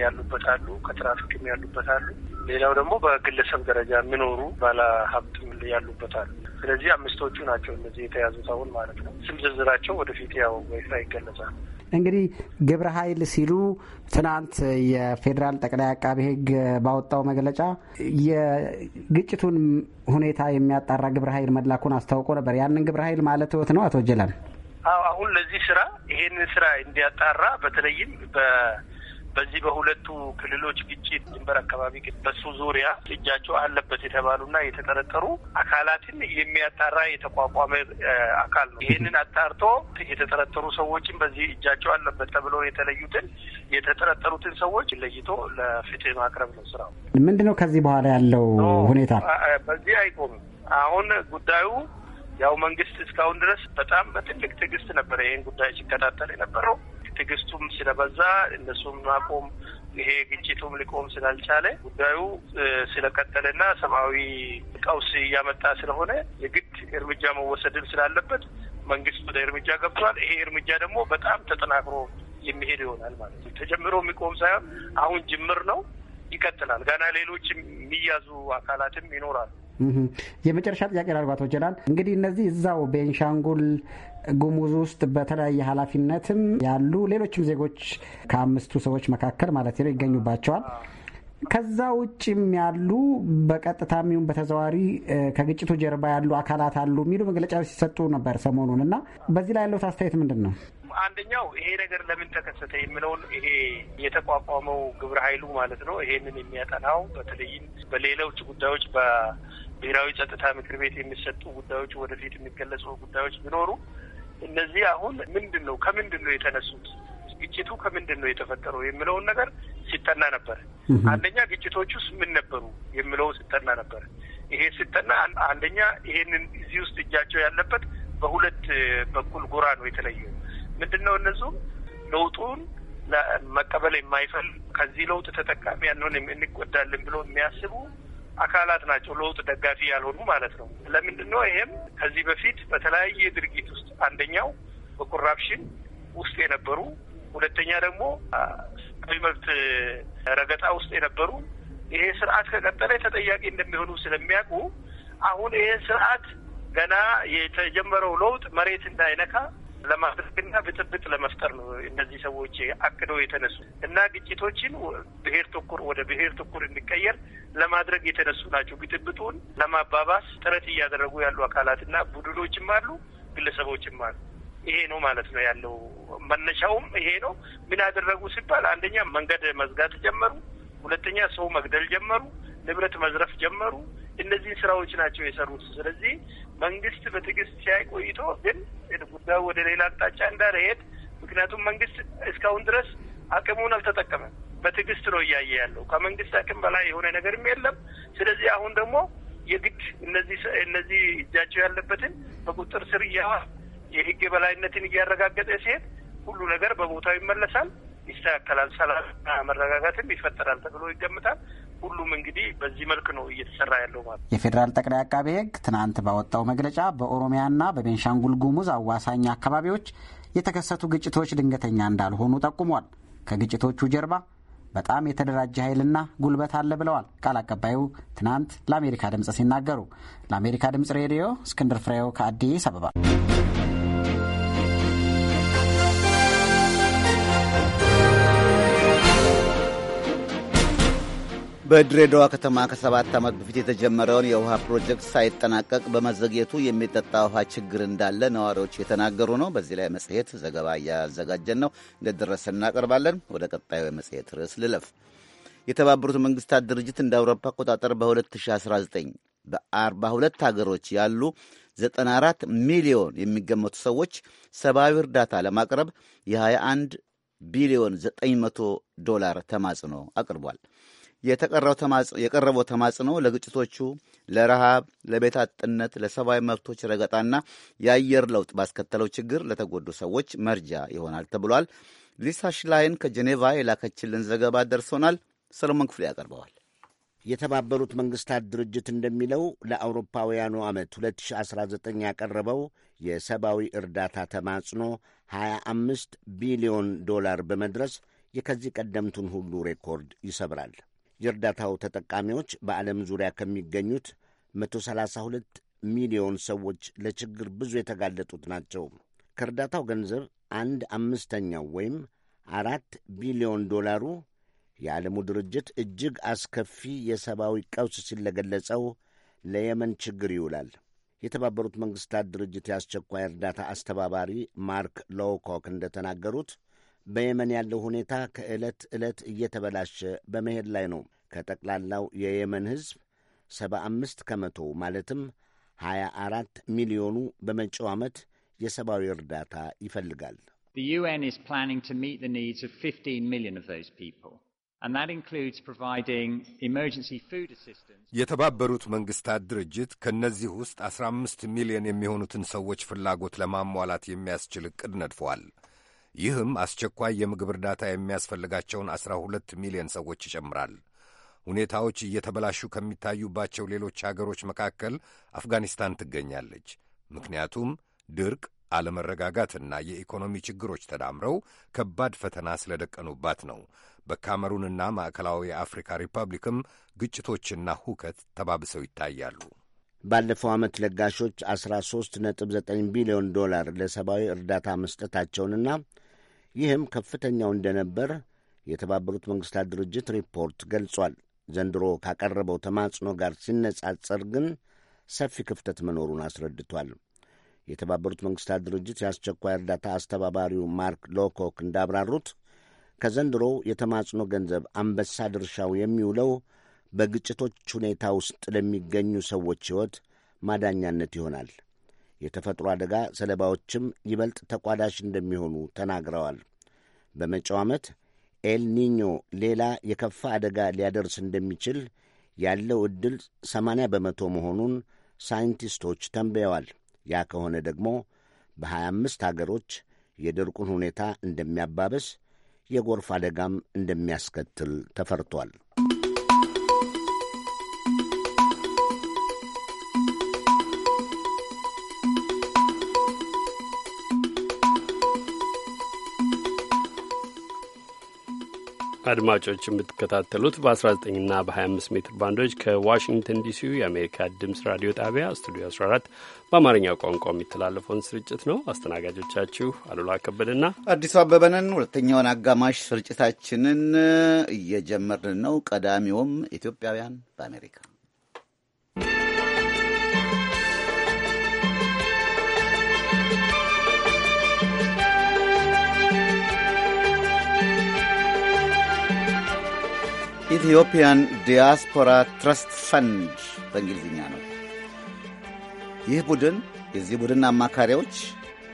ያሉበት አሉ፣ ከትራፊክም ያሉበት አሉ። ሌላው ደግሞ በግለሰብ ደረጃ የሚኖሩ ባለ ሀብትም ያሉበት አሉ። ስለዚህ አምስቶቹ ናቸው እነዚህ የተያዙት አሁን ማለት ነው። ስም ዝርዝራቸው ወደፊት ያው በይፋ ይገለጻል። እንግዲህ ግብረ ኃይል ሲሉ ትናንት የፌዴራል ጠቅላይ አቃቤ ሕግ ባወጣው መግለጫ የግጭቱን ሁኔታ የሚያጣራ ግብረ ኃይል መላኩን አስታውቆ ነበር። ያንን ግብረ ኃይል ማለት ወት ነው አቶ ጀላን አሁን ለዚህ ስራ ይሄንን ስራ እንዲያጣራ በተለይም በዚህ በሁለቱ ክልሎች ግጭት ድንበር አካባቢ በሱ ዙሪያ እጃቸው አለበት የተባሉና የተጠረጠሩ አካላትን የሚያጣራ የተቋቋመ አካል ነው። ይህንን አጣርቶ የተጠረጠሩ ሰዎችን በዚህ እጃቸው አለበት ተብሎ የተለዩትን የተጠረጠሩትን ሰዎች ለይቶ ለፍትህ ማቅረብ ነው ስራው። ምንድነው ከዚህ በኋላ ያለው ሁኔታ? በዚህ አይቆምም። አሁን ጉዳዩ ያው መንግስት እስካሁን ድረስ በጣም በትልቅ ትዕግስት ነበረ ይህን ጉዳይ ሲከታተል የነበረው። ትዕግስቱም ስለበዛ እነሱም አቆም ይሄ ግጭቱም ሊቆም ስላልቻለ ጉዳዩ ስለቀጠለና ሰብአዊ ቀውስ እያመጣ ስለሆነ የግድ እርምጃ መወሰድም ስላለበት መንግስት ወደ እርምጃ ገብቷል። ይሄ እርምጃ ደግሞ በጣም ተጠናክሮ የሚሄድ ይሆናል ማለት ነው። ተጀምሮ የሚቆም ሳይሆን አሁን ጅምር ነው፣ ይቀጥላል። ገና ሌሎች የሚያዙ አካላትም ይኖራሉ። የመጨረሻ ጥያቄ ላልባት ወጀላል እንግዲህ እነዚህ እዛው ቤንሻንጉል ጉሙዝ ውስጥ በተለያየ ኃላፊነትም ያሉ ሌሎችም ዜጎች ከአምስቱ ሰዎች መካከል ማለት ነው ይገኙባቸዋል። ከዛ ውጭም ያሉ በቀጥታ የሚሆን በተዘዋሪ ከግጭቱ ጀርባ ያሉ አካላት አሉ የሚሉ መግለጫ ሲሰጡ ነበር ሰሞኑን እና በዚህ ላይ ያለው አስተያየት ምንድን ነው? አንደኛው ይሄ ነገር ለምን ተከሰተ የሚለውን ይሄ የተቋቋመው ግብረ ኃይሉ ማለት ነው ይሄንን የሚያጠናው በተለይም በሌሎች ጉዳዮች ብሔራዊ ጸጥታ ምክር ቤት የሚሰጡ ጉዳዮች፣ ወደፊት የሚገለጹ ጉዳዮች ቢኖሩ እነዚህ አሁን ምንድን ነው ከምንድን ነው የተነሱት ግጭቱ ከምንድን ነው የተፈጠረው የሚለውን ነገር ሲጠና ነበር። አንደኛ ግጭቶች ውስጥ ምን ነበሩ የሚለው ሲጠና ነበር። ይሄ ሲጠና አንደኛ ይሄንን እዚህ ውስጥ እጃቸው ያለበት በሁለት በኩል ጎራ ነው የተለየው። ምንድን ነው እነሱም ለውጡን መቀበል የማይፈልግ ከዚህ ለውጥ ተጠቃሚ ያንሆን እንጎዳለን ብሎ የሚያስቡ አካላት ናቸው፣ ለውጥ ደጋፊ ያልሆኑ ማለት ነው። ለምንድን ነው ይሄም ከዚህ በፊት በተለያየ ድርጊት ውስጥ አንደኛው በኮራፕሽን ውስጥ የነበሩ ሁለተኛ ደግሞ ሰብአዊ መብት ረገጣ ውስጥ የነበሩ ይሄ ስርዓት ከቀጠለ ተጠያቂ እንደሚሆኑ ስለሚያውቁ አሁን ይሄ ስርዓት ገና የተጀመረው ለውጥ መሬት እንዳይነካ ለማድረግና ብጥብጥ ለመፍጠር ነው እነዚህ ሰዎች አቅደው የተነሱ እና ግጭቶችን ብሔር ትኩር ወደ ብሔር ትኩር እንዲቀየር ለማድረግ የተነሱ ናቸው። ብጥብጡን ለማባባስ ጥረት እያደረጉ ያሉ አካላትና ቡድኖችም አሉ፣ ግለሰቦችም አሉ። ይሄ ነው ማለት ነው ያለው። መነሻውም ይሄ ነው። ምን ያደረጉ ሲባል አንደኛ መንገድ መዝጋት ጀመሩ፣ ሁለተኛ ሰው መግደል ጀመሩ፣ ንብረት መዝረፍ ጀመሩ። እነዚህን ስራዎች ናቸው የሰሩት። ስለዚህ መንግስት በትዕግስት ሲያይ ቆይቶ ግን ጉዳዩ ወደ ሌላ አቅጣጫ እንዳይሄድ ምክንያቱም መንግስት እስካሁን ድረስ አቅሙን አልተጠቀመም። በትዕግስት ነው እያየ ያለው። ከመንግስት አቅም በላይ የሆነ ነገርም የለም። ስለዚህ አሁን ደግሞ የግድ እነዚህ እነዚህ እጃቸው ያለበትን በቁጥር ስር እያዋ የህግ የበላይነትን እያረጋገጠ ሲሄድ ሁሉ ነገር በቦታው ይመለሳል፣ ይስተካከላል፣ ሰላምና መረጋጋትም ይፈጠራል ተብሎ ይገምታል። ሁሉም እንግዲህ በዚህ መልክ ነው እየተሰራ ያለው ማለት የፌዴራል ጠቅላይ አቃቤ ሕግ ትናንት ባወጣው መግለጫ በኦሮሚያና በቤንሻንጉል ጉሙዝ አዋሳኝ አካባቢዎች የተከሰቱ ግጭቶች ድንገተኛ እንዳልሆኑ ጠቁሟል። ከግጭቶቹ ጀርባ በጣም የተደራጀ ኃይልና ጉልበት አለ ብለዋል ቃል አቀባዩ ትናንት ለአሜሪካ ድምፅ ሲናገሩ። ለአሜሪካ ድምፅ ሬዲዮ እስክንድር ፍሬው ከአዲስ አበባ በድሬዳዋ ከተማ ከሰባት ዓመት በፊት የተጀመረውን የውሃ ፕሮጀክት ሳይጠናቀቅ በመዘግየቱ የሚጠጣ ውሃ ችግር እንዳለ ነዋሪዎች የተናገሩ ነው። በዚህ ላይ መጽሔት ዘገባ እያዘጋጀን ነው፣ እንደደረሰ እናቀርባለን። ወደ ቀጣዩ የመጽሔት ርዕስ ልለፍ። የተባበሩት መንግስታት ድርጅት እንደ አውሮፓ አቆጣጠር በ2019 በ42 ሀገሮች ያሉ 94 ሚሊዮን የሚገመቱ ሰዎች ሰብአዊ እርዳታ ለማቅረብ የ21 ቢሊዮን 900 ዶላር ተማጽኖ አቅርቧል። የቀረበው ተማጽኖ ለግጭቶቹ፣ ለረሃብ፣ ለቤት አጥነት፣ ለሰብአዊ መብቶች ረገጣና የአየር ለውጥ ባስከተለው ችግር ለተጎዱ ሰዎች መርጃ ይሆናል ተብሏል። ሊሳ ሽላይን ከጄኔቫ የላከችልን ዘገባ ደርሶናል። ሰለሞን ክፍሌ ያቀርበዋል። የተባበሩት መንግስታት ድርጅት እንደሚለው ለአውሮፓውያኑ ዓመት 2019 ያቀረበው የሰብአዊ እርዳታ ተማጽኖ 25 ቢሊዮን ዶላር በመድረስ የከዚህ ቀደምቱን ሁሉ ሬኮርድ ይሰብራል። የእርዳታው ተጠቃሚዎች በዓለም ዙሪያ ከሚገኙት 132 ሚሊዮን ሰዎች ለችግር ብዙ የተጋለጡት ናቸው። ከእርዳታው ገንዘብ አንድ አምስተኛው ወይም አራት ቢሊዮን ዶላሩ የዓለሙ ድርጅት እጅግ አስከፊ የሰብአዊ ቀውስ ሲለገለጸው ለየመን ችግር ይውላል። የተባበሩት መንግሥታት ድርጅት የአስቸኳይ እርዳታ አስተባባሪ ማርክ ሎውኮክ እንደተናገሩት በየመን ያለው ሁኔታ ከዕለት ዕለት እየተበላሸ በመሄድ ላይ ነው። ከጠቅላላው የየመን ሕዝብ አምስት ከመቶ ማለትም 24 ሚሊዮኑ በመጪው ዓመት የሰብአዊ እርዳታ ይፈልጋል። የተባበሩት መንግሥታት ድርጅት ከእነዚህ ውስጥ 15 ሚሊዮን የሚሆኑትን ሰዎች ፍላጎት ለማሟላት የሚያስችል ዕቅድ ነድፈዋል። ይህም አስቸኳይ የምግብ እርዳታ የሚያስፈልጋቸውን አስራ ሁለት ሚሊዮን ሰዎች ይጨምራል። ሁኔታዎች እየተበላሹ ከሚታዩባቸው ሌሎች አገሮች መካከል አፍጋኒስታን ትገኛለች። ምክንያቱም ድርቅ፣ አለመረጋጋትና የኢኮኖሚ ችግሮች ተዳምረው ከባድ ፈተና ስለደቀኑባት ነው። በካሜሩንና ማዕከላዊ የአፍሪካ ሪፐብሊክም ግጭቶችና ሁከት ተባብሰው ይታያሉ። ባለፈው ዓመት ለጋሾች 13.9 ቢሊዮን ዶላር ለሰብአዊ እርዳታ መስጠታቸውንና ይህም ከፍተኛው እንደነበር የተባበሩት መንግሥታት ድርጅት ሪፖርት ገልጿል። ዘንድሮ ካቀረበው ተማጽኖ ጋር ሲነጻጸር ግን ሰፊ ክፍተት መኖሩን አስረድቷል። የተባበሩት መንግሥታት ድርጅት የአስቸኳይ እርዳታ አስተባባሪው ማርክ ሎኮክ እንዳብራሩት ከዘንድሮው የተማጽኖ ገንዘብ አንበሳ ድርሻው የሚውለው በግጭቶች ሁኔታ ውስጥ ለሚገኙ ሰዎች ሕይወት ማዳኛነት ይሆናል። የተፈጥሮ አደጋ ሰለባዎችም ይበልጥ ተቋዳሽ እንደሚሆኑ ተናግረዋል። በመጪው ዓመት ኤልኒኞ ሌላ የከፋ አደጋ ሊያደርስ እንደሚችል ያለው ዕድል 80 በመቶ መሆኑን ሳይንቲስቶች ተንብየዋል። ያ ከሆነ ደግሞ በ25 አገሮች የድርቁን ሁኔታ እንደሚያባብስ የጎርፍ አደጋም እንደሚያስከትል ተፈርቷል። አድማጮች የምትከታተሉት በ19ና በ25 ሜትር ባንዶች ከዋሽንግተን ዲሲ የአሜሪካ ድምፅ ራዲዮ ጣቢያ ስቱዲዮ 14 በአማርኛ ቋንቋ የሚተላለፈውን ስርጭት ነው። አስተናጋጆቻችሁ አሉላ ከበደና አዲሱ አበበንን ሁለተኛውን አጋማሽ ስርጭታችንን እየጀመርን ነው። ቀዳሚውም ኢትዮጵያውያን በአሜሪካ ኢትዮጵያን ዲያስፖራ ትረስት ፈንድ በእንግሊዝኛ ነው። ይህ ቡድን የዚህ ቡድን አማካሪዎች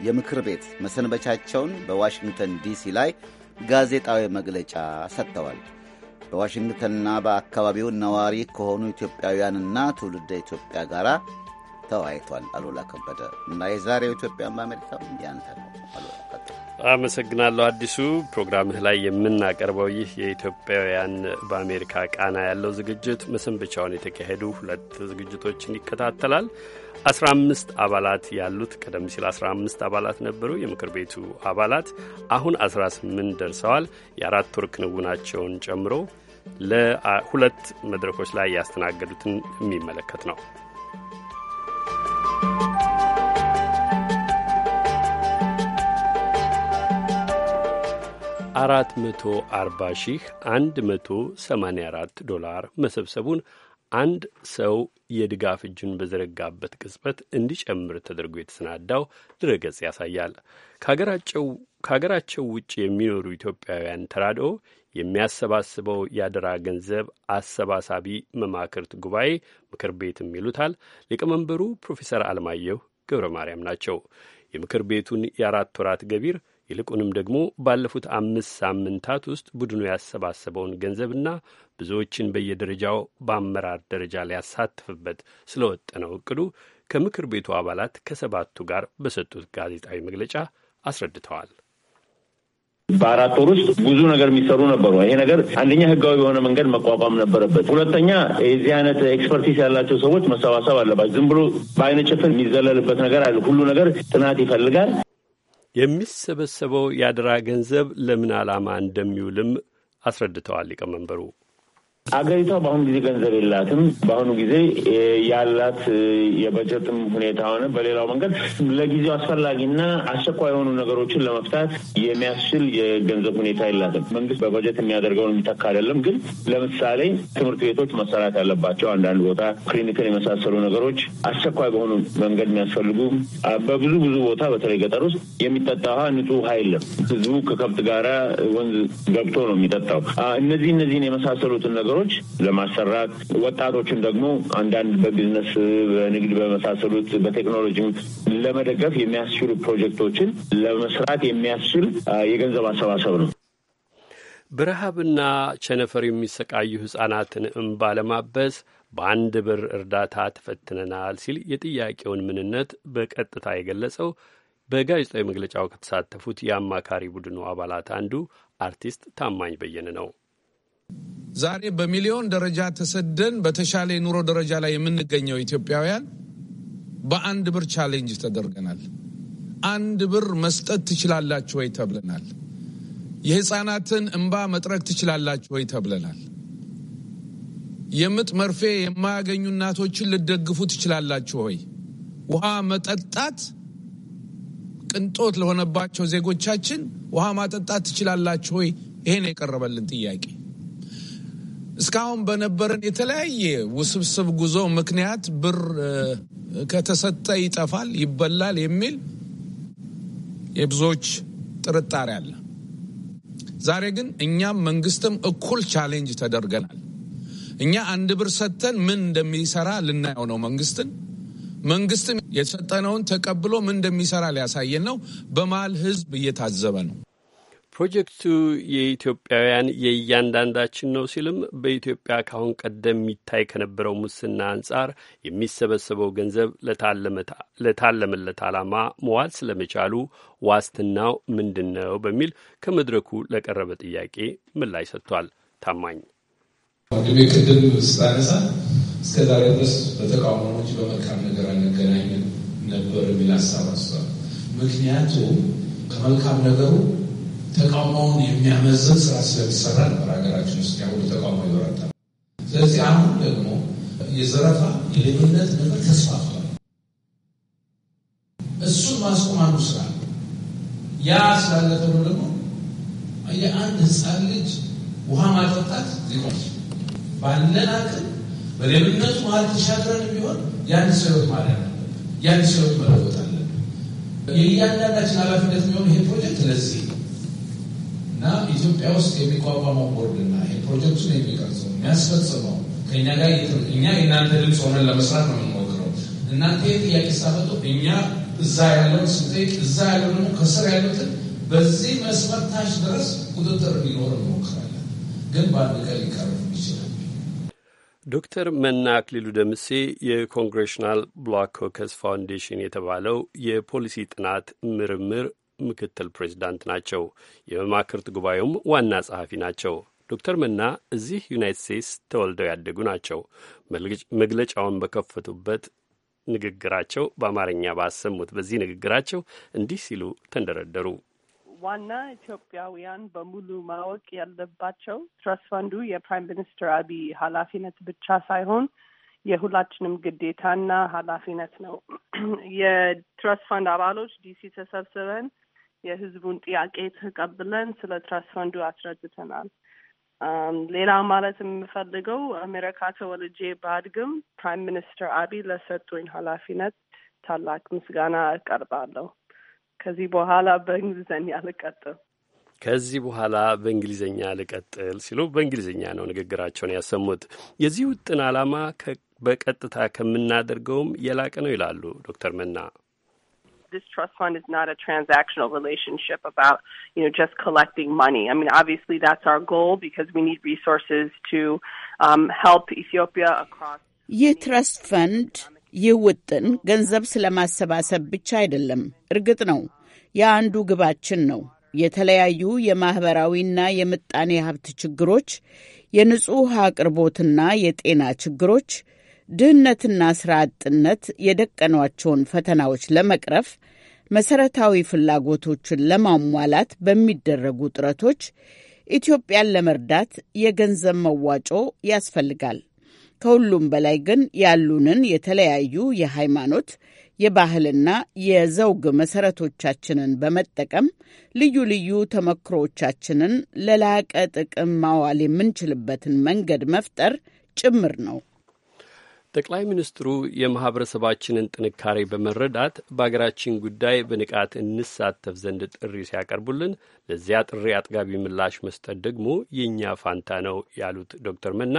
የምክር ቤት መሰንበቻቸውን በዋሽንግተን ዲሲ ላይ ጋዜጣዊ መግለጫ ሰጥተዋል። በዋሽንግተንና በአካባቢው ነዋሪ ከሆኑ ኢትዮጵያውያንና ትውልደ ኢትዮጵያ ጋር ተወያይቷል። አሉላ ከበደ እና የዛሬው ኢትዮጵያን በአሜሪካ እንዲያንተ ነው። አመሰግናለሁ አዲሱ። ፕሮግራምህ ላይ የምናቀርበው ይህ የኢትዮጵያውያን በአሜሪካ ቃና ያለው ዝግጅት መሰንበቻውን የተካሄዱ ሁለት ዝግጅቶችን ይከታተላል። አስራ አምስት አባላት ያሉት ቀደም ሲል አስራ አምስት አባላት ነበሩ የምክር ቤቱ አባላት አሁን አስራ ስምንት ደርሰዋል። የአራት ወር ክንውናቸውን ጨምሮ ለሁለት መድረኮች ላይ ያስተናገዱትን የሚመለከት ነው። 440,184 ዶላር መሰብሰቡን አንድ ሰው የድጋፍ እጁን በዘረጋበት ቅጽበት እንዲጨምር ተደርጎ የተሰናዳው ድረገጽ ያሳያል። ከሀገራቸው ውጭ የሚኖሩ ኢትዮጵያውያን ተራድኦ የሚያሰባስበው የአደራ ገንዘብ አሰባሳቢ መማክርት ጉባኤ ምክር ቤትም ይሉታል ሊቀመንበሩ ፕሮፌሰር አለማየሁ ገብረ ማርያም ናቸው። የምክር ቤቱን የአራት ወራት ገቢር ይልቁንም ደግሞ ባለፉት አምስት ሳምንታት ውስጥ ቡድኑ ያሰባሰበውን ገንዘብና ብዙዎችን በየደረጃው በአመራር ደረጃ ሊያሳትፍበት ስለወጠነው እቅዱ ከምክር ቤቱ አባላት ከሰባቱ ጋር በሰጡት ጋዜጣዊ መግለጫ አስረድተዋል። በአራት ወር ውስጥ ብዙ ነገር የሚሰሩ ነበሩ። ይሄ ነገር አንደኛ ህጋዊ በሆነ መንገድ መቋቋም ነበረበት። ሁለተኛ የዚህ አይነት ኤክስፐርቲስ ያላቸው ሰዎች መሰባሰብ አለባቸው። ዝም ብሎ በአይነ ጭፍን የሚዘለልበት ነገር አለ። ሁሉ ነገር ጥናት ይፈልጋል። የሚሰበሰበው የአደራ ገንዘብ ለምን ዓላማ እንደሚውልም አስረድተዋል ሊቀመንበሩ። አገሪቷ በአሁኑ ጊዜ ገንዘብ የላትም። በአሁኑ ጊዜ ያላት የበጀትም ሁኔታ ሆነ በሌላው መንገድ ለጊዜው አስፈላጊና አስቸኳይ የሆኑ ነገሮችን ለመፍታት የሚያስችል የገንዘብ ሁኔታ የላትም። መንግስት በበጀት የሚያደርገውን የሚተካ አይደለም። ግን ለምሳሌ ትምህርት ቤቶች መሰራት ያለባቸው አንዳንድ ቦታ ክሊኒክን የመሳሰሉ ነገሮች አስቸኳይ በሆኑ መንገድ የሚያስፈልጉ በብዙ ብዙ ቦታ በተለይ ገጠር ውስጥ የሚጠጣ ውሃ ንጹህ ውሃ የለም። ህዝቡ ከከብት ጋራ ወንዝ ገብቶ ነው የሚጠጣው። እነዚህ እነዚህን የመሳሰሉትን ነገሮች ነገሮች ለማሰራት ወጣቶችን ደግሞ አንዳንድ በቢዝነስ በንግድ በመሳሰሉት በቴክኖሎጂም ለመደገፍ የሚያስችሉ ፕሮጀክቶችን ለመስራት የሚያስችል የገንዘብ አሰባሰብ ነው። በረሃብና ቸነፈር የሚሰቃዩ ህጻናትን እምባ ለማበስ በአንድ ብር እርዳታ ተፈትነናል ሲል የጥያቄውን ምንነት በቀጥታ የገለጸው በጋዜጣዊ መግለጫው ከተሳተፉት የአማካሪ ቡድኑ አባላት አንዱ አርቲስት ታማኝ በየነ ነው። ዛሬ በሚሊዮን ደረጃ ተሰደን በተሻለ የኑሮ ደረጃ ላይ የምንገኘው ኢትዮጵያውያን በአንድ ብር ቻሌንጅ ተደርገናል። አንድ ብር መስጠት ትችላላችሁ ወይ ተብለናል። የህፃናትን እንባ መጥረግ ትችላላችሁ ወይ ተብለናል። የምጥ መርፌ የማያገኙ እናቶችን ልደግፉ ትችላላችሁ ወይ? ውሃ መጠጣት ቅንጦት ለሆነባቸው ዜጎቻችን ውሃ ማጠጣት ትችላላችሁ ወይ? ይሄን የቀረበልን ጥያቄ እስካሁን በነበረን የተለያየ ውስብስብ ጉዞ ምክንያት ብር ከተሰጠ ይጠፋል፣ ይበላል የሚል የብዙዎች ጥርጣሬ አለ። ዛሬ ግን እኛም መንግስትም እኩል ቻሌንጅ ተደርገናል። እኛ አንድ ብር ሰጥተን ምን እንደሚሰራ ልናየው ነው መንግስትን መንግስትም የተሰጠነውን ተቀብሎ ምን እንደሚሰራ ሊያሳየን ነው። በመሀል ህዝብ እየታዘበ ነው። ፕሮጀክቱ የኢትዮጵያውያን የእያንዳንዳችን ነው ሲልም በኢትዮጵያ ካሁን ቀደም የሚታይ ከነበረው ሙስና አንጻር የሚሰበሰበው ገንዘብ ለታለመለት ዓላማ መዋል ስለመቻሉ ዋስትናው ምንድን ነው በሚል ከመድረኩ ለቀረበ ጥያቄ ምላሽ ሰጥቷል። ታማኝ ቅድም ስታነሳ እስከ ዛሬ ድረስ በተቃውሞች በመልካም ነገር አንገናኝ ነበር የሚል ሀሳብ አንስቷል። ምክንያቱም ከመልካም ነገሩ ተቃውሞውን የሚያመዝን ስራ ስለሚሰራ ነበር ሀገራችን ውስጥ ያሁሉ ተቃውሞ ይበረታ። ስለዚህ አሁን ደግሞ የዘረፋ የሌብነት ነገር ተስፋፍቷል። እሱን ማስቆም አንዱ ስራ ያ ስላለ ደግሞ የአንድ ህፃን ልጅ ውሃ ማጠጣት ዜቆች ባለን አቅም በሌብነቱ መሀል ተሻግረን ቢሆን ያን ሰዎች ማለት ነው ያን ሰዎች መለወጥ አለን። የእያንዳንዳችን ኃላፊነት የሚሆን ይሄ ፕሮጀክት ለዚህ እና ኢትዮጵያ ውስጥ የሚቋቋመው ቦርድ እና ፕሮጀክቱን የሚቀርጸው የሚያስፈጽመው ከኛ ጋር እኛ የእናንተ ድምፅ ሆነን ለመስራት ነው የምንሞክረው። እናንተ ጥያቄ ስታመጡ እኛ እዛ ያለውን ስንጠይቅ እዛ ያለው ደግሞ ከስር ያሉትን በዚህ መስመር ታች ድረስ ቁጥጥር እንዲኖር እንሞክራለን። ግን በአንድ ቀን ሊቀርብ ይችላል። ዶክተር መና አክሊሉ ደምሴ የኮንግሬሽናል ብሎክ ኮከስ ፋውንዴሽን የተባለው የፖሊሲ ጥናት ምርምር ምክትል ፕሬዚዳንት ናቸው። የመማክርት ጉባኤውም ዋና ጸሐፊ ናቸው። ዶክተር መና እዚህ ዩናይት ስቴትስ ተወልደው ያደጉ ናቸው። መግለጫውን በከፈቱበት ንግግራቸው በአማርኛ ባሰሙት በዚህ ንግግራቸው እንዲህ ሲሉ ተንደረደሩ። ዋና ኢትዮጵያውያን በሙሉ ማወቅ ያለባቸው ትረስት ፈንዱ የፕራይም ሚኒስትር አብይ ኃላፊነት ብቻ ሳይሆን የሁላችንም ግዴታና ኃላፊነት ነው። *clears throat* የትረስት ፈንድ አባሎች ዲሲ ተሰብስበን የህዝቡን ጥያቄ ተቀብለን ስለ ትራስት ፈንዱ አስረድተናል። ሌላ ማለት የምፈልገው አሜሪካ ተወልጄ ባድግም ፕራይም ሚኒስትር አቢይ ለሰጡኝ ኃላፊነት ታላቅ ምስጋና እቀርባለሁ። ከዚህ በኋላ በእንግሊዝኛ ልቀጥል ከዚህ በኋላ በእንግሊዝኛ ልቀጥል ሲሉ በእንግሊዝኛ ነው ንግግራቸውን ያሰሙት። የዚህ ውጥን ዓላማ በቀጥታ ከምናደርገውም የላቀ ነው ይላሉ ዶክተር መና this trust fund is not a transactional relationship about, you know, just collecting money. I mean, obviously that's our goal because we need resources to um, help Ethiopia across. ይህ ትረስት ፈንድ ይህ ውጥን ገንዘብ ስለማሰባሰብ ብቻ አይደለም። እርግጥ ነው የአንዱ ግባችን ነው። የተለያዩ የማኅበራዊና የምጣኔ ሀብት ችግሮች፣ የንጹሕ አቅርቦትና የጤና ችግሮች ድህነትና ስራ አጥነት የደቀኗቸውን ፈተናዎች ለመቅረፍ መሰረታዊ ፍላጎቶችን ለማሟላት በሚደረጉ ጥረቶች ኢትዮጵያን ለመርዳት የገንዘብ መዋጮ ያስፈልጋል። ከሁሉም በላይ ግን ያሉንን የተለያዩ የሃይማኖት የባህልና የዘውግ መሰረቶቻችንን በመጠቀም ልዩ ልዩ ተመክሮዎቻችንን ለላቀ ጥቅም ማዋል የምንችልበትን መንገድ መፍጠር ጭምር ነው። ጠቅላይ ሚኒስትሩ የማኅበረሰባችንን ጥንካሬ በመረዳት በአገራችን ጉዳይ በንቃት እንሳተፍ ዘንድ ጥሪ ሲያቀርቡልን ለዚያ ጥሪ አጥጋቢ ምላሽ መስጠት ደግሞ የእኛ ፋንታ ነው ያሉት ዶክተር መና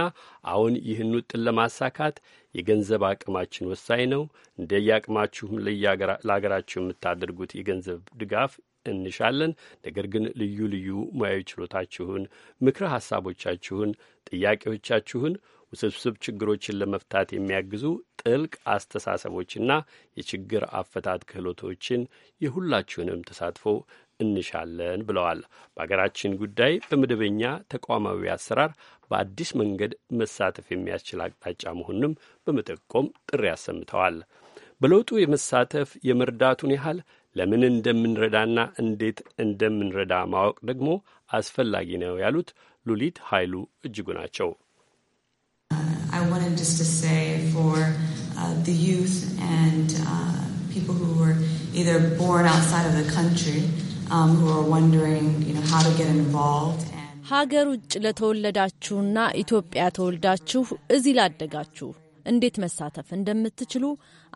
አሁን ይህን ውጥን ለማሳካት የገንዘብ አቅማችን ወሳኝ ነው። እንደ የአቅማችሁም ለአገራችሁ የምታደርጉት የገንዘብ ድጋፍ እንሻለን። ነገር ግን ልዩ ልዩ ሙያዊ ችሎታችሁን፣ ምክረ ሀሳቦቻችሁን፣ ጥያቄዎቻችሁን ውስብስብ ችግሮችን ለመፍታት የሚያግዙ ጥልቅ አስተሳሰቦችና የችግር አፈታት ክህሎቶችን የሁላችሁንም ተሳትፎ እንሻለን ብለዋል። በሀገራችን ጉዳይ በመደበኛ ተቋማዊ አሰራር በአዲስ መንገድ መሳተፍ የሚያስችል አቅጣጫ መሆኑንም በመጠቆም ጥሪ አሰምተዋል። በለውጡ የመሳተፍ የመርዳቱን ያህል ለምን እንደምንረዳና እንዴት እንደምንረዳ ማወቅ ደግሞ አስፈላጊ ነው ያሉት ሉሊት ኃይሉ እጅጉ ናቸው። ሀገር ውጭ ለተወለዳችሁና ኢትዮጵያ ተወልዳችሁ እዚህ ላደጋችሁ እንዴት መሳተፍ እንደምትችሉ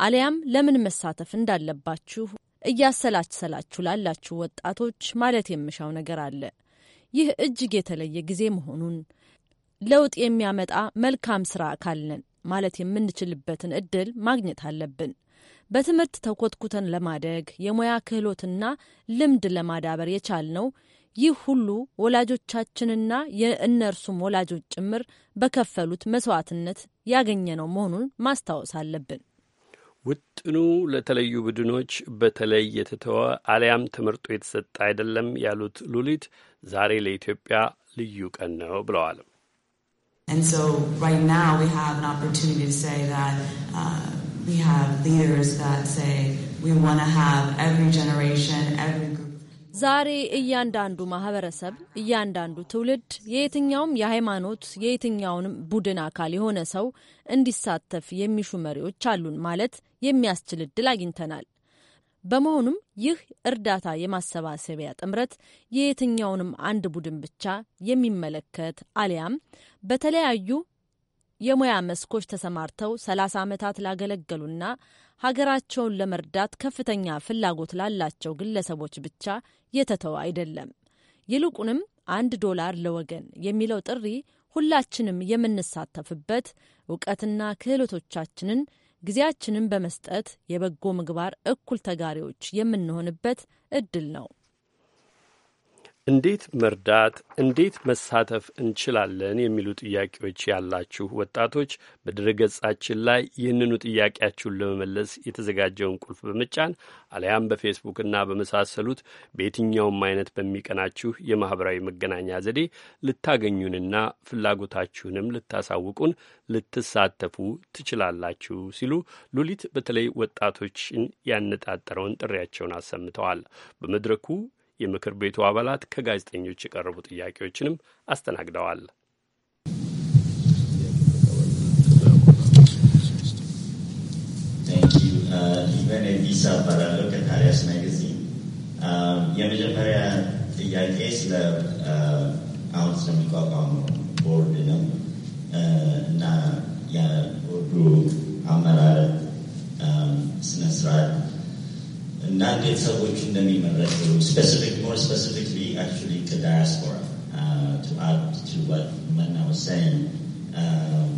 አሊያም ለምን መሳተፍ እንዳለባችሁ እያሰላሰላችሁ ላላችሁ ወጣቶች ማለት የምሻው ነገር አለ። ይህ እጅግ የተለየ ጊዜ መሆኑን ለውጥ የሚያመጣ መልካም ስራ አካል ነን ማለት የምንችልበትን እድል ማግኘት አለብን። በትምህርት ተኮትኩተን ለማደግ የሙያ ክህሎትና ልምድ ለማዳበር የቻልነው ይህ ሁሉ ወላጆቻችንና የእነርሱም ወላጆች ጭምር በከፈሉት መስዋዕትነት ያገኘነው መሆኑን ማስታወስ አለብን። ውጥኑ ለተለዩ ቡድኖች በተለይ የተተወ አሊያም ትምህርቱ የተሰጠ አይደለም ያሉት ሉሊት ዛሬ ለኢትዮጵያ ልዩ ቀን ነው ብለዋል። And so right now we have an opportunity to say that uh, we have leaders that say we want to have every generation, every group. ዛሬ እያንዳንዱ ማህበረሰብ እያንዳንዱ ትውልድ የየትኛውም የሃይማኖት የየትኛውንም ቡድን አካል የሆነ ሰው እንዲሳተፍ የሚሹ መሪዎች አሉን ማለት የሚያስችል እድል አግኝተናል። በመሆኑም ይህ እርዳታ የማሰባሰቢያ ጥምረት የየትኛውንም አንድ ቡድን ብቻ የሚመለከት አሊያም በተለያዩ የሙያ መስኮች ተሰማርተው ሰላሳ ዓመታት ላገለገሉና ሀገራቸውን ለመርዳት ከፍተኛ ፍላጎት ላላቸው ግለሰቦች ብቻ የተተው አይደለም። ይልቁንም አንድ ዶላር ለወገን የሚለው ጥሪ ሁላችንም የምንሳተፍበት እውቀትና ክህሎቶቻችንን ጊዜያችንን በመስጠት የበጎ ምግባር እኩል ተጋሪዎች የምንሆንበት እድል ነው። እንዴት መርዳት፣ እንዴት መሳተፍ እንችላለን የሚሉ ጥያቄዎች ያላችሁ ወጣቶች በድረገጻችን ላይ ይህንኑ ጥያቄያችሁን ለመመለስ የተዘጋጀውን ቁልፍ በመጫን አሊያም በፌስቡክ እና በመሳሰሉት በየትኛውም አይነት በሚቀናችሁ የማኅበራዊ መገናኛ ዘዴ ልታገኙንና ፍላጎታችሁንም ልታሳውቁን ልትሳተፉ ትችላላችሁ ሲሉ ሉሊት በተለይ ወጣቶችን ያነጣጠረውን ጥሪያቸውን አሰምተዋል። በመድረኩ የምክር ቤቱ አባላት ከጋዜጠኞች የቀረቡ ጥያቄዎችንም አስተናግደዋል። ዲሳ እባላለሁ ከታሪያስ ማጋዚን። የመጀመሪያ ጥያቄ ስለ uh, አሁን ስለሚቋቋሙ ቦርድ ነው uh, እና የቦርዱ አመራረት um, ስነስርዓት እና እንዴት ሰዎቹ እንደሚመረጡ ስፔሲፊክ ሞር ስፔሲፊክሊ actually to diaspora uh, to add to what Manna was saying um,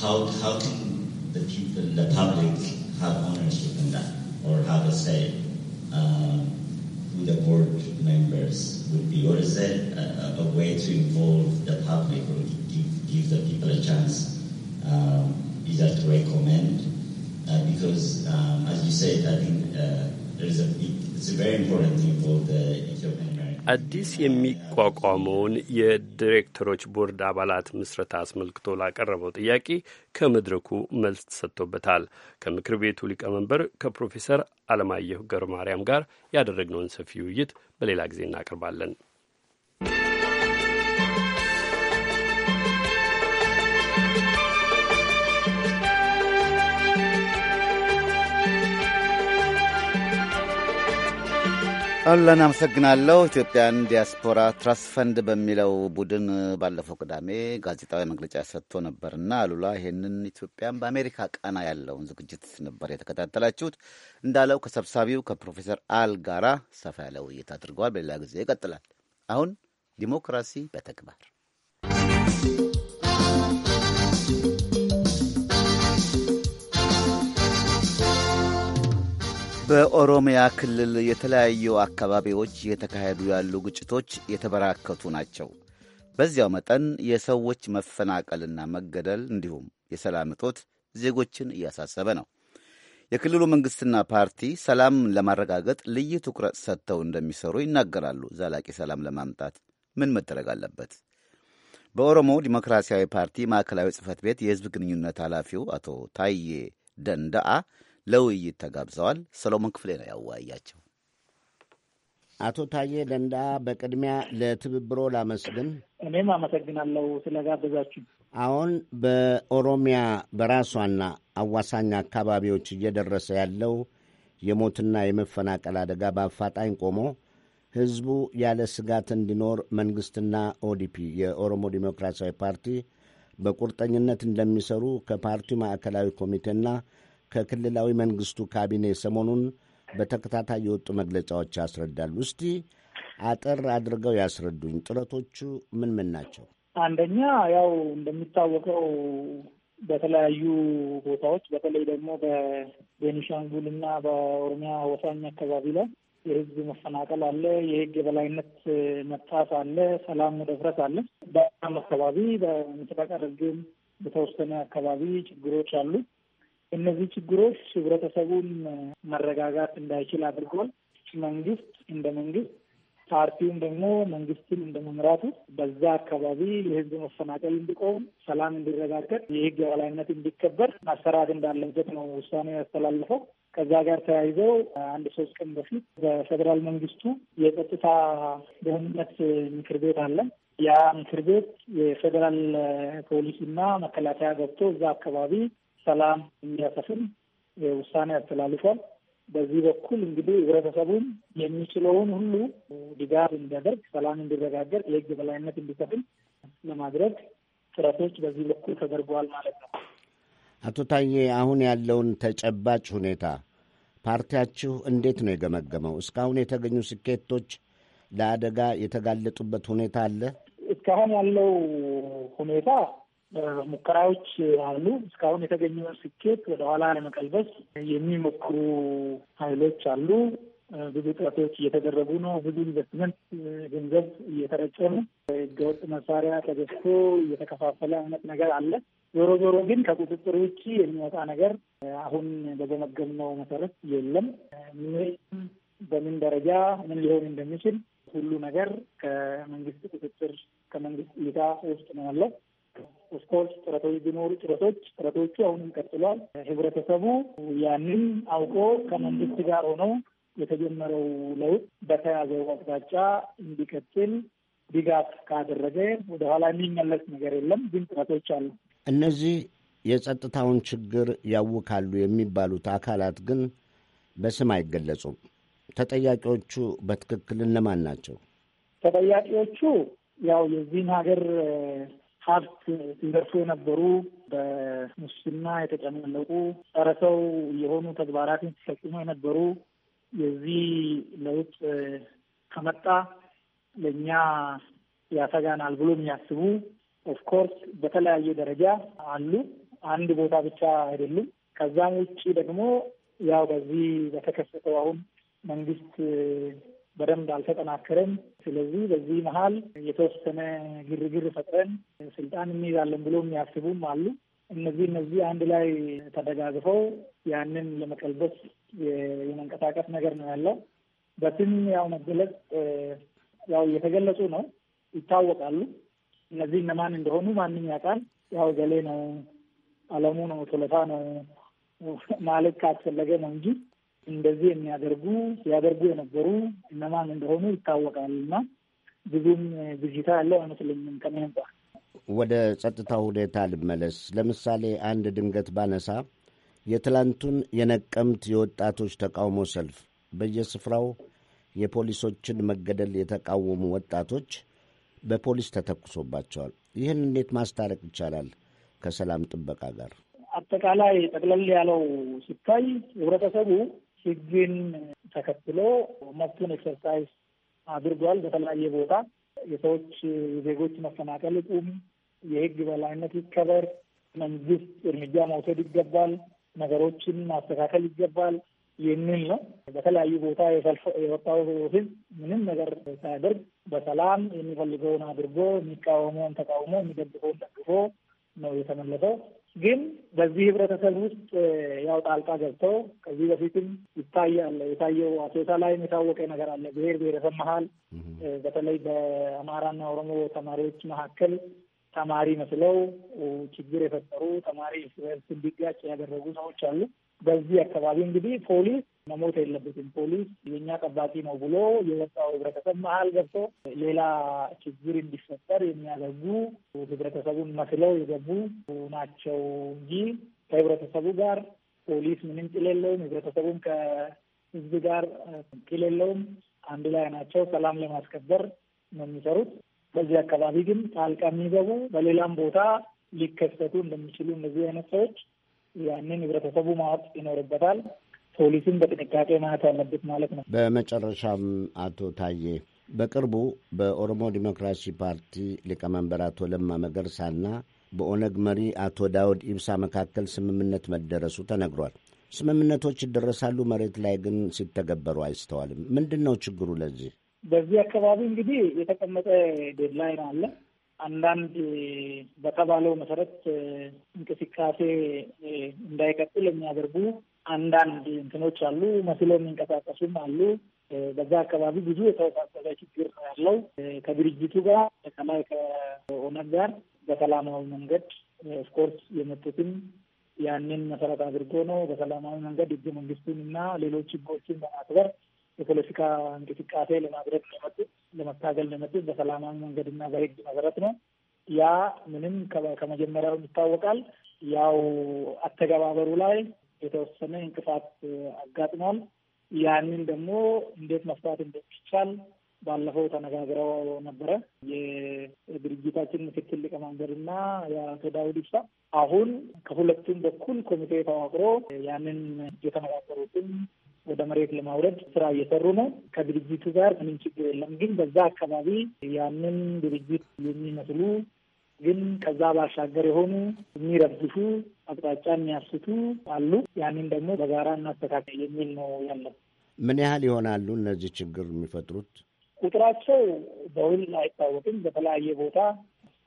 how how can the people the public have ownership in that or have a say um, who the board members would be or is it a, way to involve the public or give, the people a chance um, Is that to recommend uh, because um, as you said I think Uh, አዲስ የሚቋቋመውን የዲሬክተሮች ቦርድ አባላት ምስረታ አስመልክቶ ላቀረበው ጥያቄ ከመድረኩ መልስ ተሰጥቶበታል። ከምክር ቤቱ ሊቀመንበር ከፕሮፌሰር አለማየሁ ገብረ ማርያም ጋር ያደረግነውን ሰፊ ውይይት በሌላ ጊዜ እናቀርባለን። አለን አመሰግናለሁ። ኢትዮጵያን ዲያስፖራ ትራስት ፈንድ በሚለው ቡድን ባለፈው ቅዳሜ ጋዜጣዊ መግለጫ ሰጥቶ ነበርና አሉላ ይህንን ኢትዮጵያን በአሜሪካ ቃና ያለውን ዝግጅት ነበር የተከታተላችሁት። እንዳለው ከሰብሳቢው ከፕሮፌሰር አል ጋራ ሰፋ ያለ ውይይት አድርገዋል። በሌላ ጊዜ ይቀጥላል። አሁን ዲሞክራሲ በተግባር በኦሮሚያ ክልል የተለያዩ አካባቢዎች እየተካሄዱ ያሉ ግጭቶች የተበራከቱ ናቸው። በዚያው መጠን የሰዎች መፈናቀልና መገደል እንዲሁም የሰላም እጦት ዜጎችን እያሳሰበ ነው። የክልሉ መንግሥትና ፓርቲ ሰላም ለማረጋገጥ ልዩ ትኩረት ሰጥተው እንደሚሰሩ ይናገራሉ። ዘላቂ ሰላም ለማምጣት ምን መደረግ አለበት? በኦሮሞ ዲሞክራሲያዊ ፓርቲ ማዕከላዊ ጽህፈት ቤት የሕዝብ ግንኙነት ኃላፊው አቶ ታዬ ደንዳአ ለውይይት ተጋብዘዋል። ሰሎሞን ክፍሌ ነው ያወያያቸው። አቶ ታዬ ደንዳ በቅድሚያ ለትብብሮ ላመስግን። እኔም አመሰግናለሁ ስለጋበዛችሁ። አሁን በኦሮሚያ በራሷና አዋሳኝ አካባቢዎች እየደረሰ ያለው የሞትና የመፈናቀል አደጋ በአፋጣኝ ቆሞ ሕዝቡ ያለ ስጋት እንዲኖር መንግሥትና ኦዲፒ የኦሮሞ ዴሞክራሲያዊ ፓርቲ በቁርጠኝነት እንደሚሰሩ ከፓርቲው ማዕከላዊ ኮሚቴና ከክልላዊ መንግስቱ ካቢኔ ሰሞኑን በተከታታይ የወጡ መግለጫዎች ያስረዳሉ። እስቲ አጠር አድርገው ያስረዱኝ። ጥረቶቹ ምን ምን ናቸው? አንደኛ ያው እንደሚታወቀው በተለያዩ ቦታዎች በተለይ ደግሞ በቤኒሻንጉል እና በኦሮሚያ ወሳኝ አካባቢ ላይ የህዝብ መፈናቀል አለ። የህግ የበላይነት መጣስ አለ። ሰላም መደፍረስ አለ። በአም አካባቢ በምስራቅ ሐረርጌም በተወሰነ አካባቢ ችግሮች አሉ። እነዚህ ችግሮች ህብረተሰቡን መረጋጋት እንዳይችል አድርጓል። መንግስት እንደ መንግስት ፓርቲውም ደግሞ መንግስትን መምራቱ በዛ አካባቢ የህዝብ መፈናቀል እንዲቆም፣ ሰላም እንዲረጋገጥ፣ የህግ የበላይነት እንዲከበር መሰራት እንዳለበት ነው ውሳኔ ያስተላለፈው። ከዛ ጋር ተያይዘው አንድ ሶስት ቀን በፊት በፌዴራል መንግስቱ የጸጥታ ደህንነት ምክር ቤት አለን። ያ ምክር ቤት የፌዴራል ፖሊስና መከላከያ ገብቶ እዛ አካባቢ ሰላም የሚያሰፍን ውሳኔ አስተላልፏል። በዚህ በኩል እንግዲህ ህብረተሰቡም የሚችለውን ሁሉ ድጋፍ እንዲያደርግ፣ ሰላም እንዲረጋገጥ፣ የህግ በላይነት እንዲሰፍን ለማድረግ ጥረቶች በዚህ በኩል ተደርገዋል ማለት ነው። አቶ ታዬ አሁን ያለውን ተጨባጭ ሁኔታ ፓርቲያችሁ እንዴት ነው የገመገመው? እስካሁን የተገኙ ስኬቶች፣ ለአደጋ የተጋለጡበት ሁኔታ አለ? እስካሁን ያለው ሁኔታ ሙከራዎች አሉ። እስካሁን የተገኘውን ስኬት ወደኋላ ለመቀልበስ የሚሞክሩ ኃይሎች አሉ። ብዙ ጥረቶች እየተደረጉ ነው። ብዙ ኢንቨስትመንት ገንዘብ እየተረጨ ነው። ህገወጥ መሳሪያ ተገዝቶ እየተከፋፈለ አይነት ነገር አለ። ዞሮ ዞሮ ግን ከቁጥጥር ውጭ የሚወጣ ነገር አሁን በገመገምነው መሰረት የለም። በምን ደረጃ ምን ሊሆን እንደሚችል ሁሉ ነገር ከመንግስት ቁጥጥር ከመንግስት እይታ ውስጥ ነው ያለው። እስካሁን ጥረቶች ቢኖሩ ጥረቶች ጥረቶቹ አሁንም ቀጥሏል። ህብረተሰቡ ያንን አውቆ ከመንግስት ጋር ሆኖ የተጀመረው ለውጥ በተያዘው አቅጣጫ እንዲቀጥል ድጋፍ ካደረገ ወደኋላ የሚመለስ ነገር የለም። ግን ጥረቶች አሉ። እነዚህ የጸጥታውን ችግር ያውካሉ የሚባሉት አካላት ግን በስም አይገለጹም። ተጠያቂዎቹ በትክክል እነማን ናቸው? ተጠያቂዎቹ ያው የዚህን ሀገር ሀብት ሲደርሱ የነበሩ በሙስና የተጨመለቁ ጸረ ሰው የሆኑ ተግባራትን ሲፈጽሙ የነበሩ የዚህ ለውጥ ከመጣ ለእኛ ያሰጋናል ብሎ የሚያስቡ ኦፍኮርስ በተለያየ ደረጃ አሉ። አንድ ቦታ ብቻ አይደሉም። ከዛም ውጭ ደግሞ ያው በዚህ በተከሰተው አሁን መንግስት በደንብ አልተጠናከረም። ስለዚህ በዚህ መሀል የተወሰነ ግርግር ፈጥረን ስልጣን እንይዛለን ብሎ የሚያስቡም አሉ። እነዚህ እነዚህ አንድ ላይ ተደጋግፈው ያንን ለመቀልበስ የመንቀሳቀስ ነገር ነው ያለው። በስም ያው መገለጽ ያው እየተገለጹ ነው ይታወቃሉ። እነዚህ እነማን እንደሆኑ ማንም ያውቃል። ያው ገሌ ነው፣ አለሙ ነው፣ ቶለታ ነው ማለት ካስፈለገ ነው እንጂ እንደዚህ የሚያደርጉ ሲያደርጉ የነበሩ እነማን እንደሆኑ ይታወቃል እና ብዙም ብዥታ ያለው አይመስለኝም። ከኔ ወደ ጸጥታ ሁኔታ ልመለስ። ለምሳሌ አንድ ድንገት ባነሳ የትላንቱን የነቀምት የወጣቶች ተቃውሞ ሰልፍ በየስፍራው የፖሊሶችን መገደል የተቃወሙ ወጣቶች በፖሊስ ተተኩሶባቸዋል። ይህን እንዴት ማስታረቅ ይቻላል? ከሰላም ጥበቃ ጋር አጠቃላይ ጠቅለል ያለው ሲታይ ህብረተሰቡ ሕግን ተከትሎ መብቱን ኤክሰርሳይዝ አድርጓል። በተለያየ ቦታ የሰዎች የዜጎች መፈናቀል ይቁም፣ የህግ በላይነት ይከበር፣ መንግስት እርምጃ መውሰድ ይገባል፣ ነገሮችን ማስተካከል ይገባል የሚል ነው። በተለያዩ ቦታ የወጣው ህዝብ ምንም ነገር ሳያደርግ በሰላም የሚፈልገውን አድርጎ የሚቃወመውን ተቃውሞ የሚደግፈውን ደግፎ ነው የተመለሰው። ግን በዚህ ህብረተሰብ ውስጥ ያው ጣልቃ ገብተው ከዚህ በፊትም ይታያል የታየው አሶሳ ላይም የታወቀ ነገር አለ። ብሔር ብሔረሰብ መሀል በተለይ በአማራና ኦሮሞ ተማሪዎች መካከል ተማሪ መስለው ችግር የፈጠሩ ተማሪ እርስ እንዲጋጭ ያደረጉ ሰዎች አሉ። በዚህ አካባቢ እንግዲህ ፖሊስ መሞት የለበትም ፖሊስ የኛ ጠባቂ ነው ብሎ የወጣው ህብረተሰብ መሀል ገብቶ ሌላ ችግር እንዲፈጠር የሚያደርጉ ህብረተሰቡን መስለው የገቡ ናቸው እንጂ ከህብረተሰቡ ጋር ፖሊስ ምንም ጥል የለውም። ህብረተሰቡም ከህዝብ ጋር ጥል የለውም። አንድ ላይ ናቸው። ሰላም ለማስከበር ነው የሚሰሩት። በዚህ አካባቢ ግን ጣልቃ የሚገቡ በሌላም ቦታ ሊከሰቱ እንደሚችሉ እነዚህ አይነት ሰዎች ያንን ህብረተሰቡ ማወቅ ይኖርበታል። ፖሊስም በጥንቃቄ ማየት አለበት ማለት ነው። በመጨረሻም አቶ ታዬ በቅርቡ በኦሮሞ ዲሞክራሲ ፓርቲ ሊቀመንበር አቶ ለማ መገርሳና በኦነግ መሪ አቶ ዳውድ ኢብሳ መካከል ስምምነት መደረሱ ተነግሯል። ስምምነቶች ይደረሳሉ፣ መሬት ላይ ግን ሲተገበሩ አይስተዋልም። ምንድን ነው ችግሩ? ለዚህ በዚህ አካባቢ እንግዲህ የተቀመጠ ዴድላይን አለ። አንዳንድ በተባለው መሰረት እንቅስቃሴ እንዳይቀጥል የሚያደርጉ አንዳንድ እንትኖች አሉ፣ መስሎ የሚንቀሳቀሱም አሉ። በዛ አካባቢ ብዙ የተወሳሰበ ችግር ነው ያለው። ከድርጅቱ ጋር በተለይ ከኦነግ ጋር በሰላማዊ መንገድ ኦፍኮርስ የመጡትም ያንን መሰረት አድርጎ ነው። በሰላማዊ መንገድ ህገ መንግስቱን እና ሌሎች ህጎችን በማክበር የፖለቲካ እንቅስቃሴ ለማድረግ ለመጡት ለመታገል ለመጡት በሰላማዊ መንገድ እና በህግ መሰረት ነው። ያ ምንም ከመጀመሪያው ይታወቃል። ያው አተገባበሩ ላይ የተወሰነ እንቅፋት አጋጥሟል። ያንን ደግሞ እንዴት መፍታት እንደሚቻል ባለፈው ተነጋግረው ነበረ። የድርጅታችን ምክትል ሊቀመንበር እና የአቶ ዳውድ ኢብሳ አሁን ከሁለቱም በኩል ኮሚቴ ተዋቅሮ ያንን የተነጋገሩትን ወደ መሬት ለማውረድ ስራ እየሰሩ ነው። ከድርጅቱ ጋር ምንም ችግር የለም። ግን በዛ አካባቢ ያንን ድርጅት የሚመስሉ ግን ከዛ ባሻገር የሆኑ የሚረብሹ አቅጣጫ የሚያስቱ አሉ። ያንን ደግሞ በጋራ እናስተካከል የሚል ነው ያለው። ምን ያህል ይሆናሉ እነዚህ ችግር የሚፈጥሩት? ቁጥራቸው በውል አይታወቅም። በተለያየ ቦታ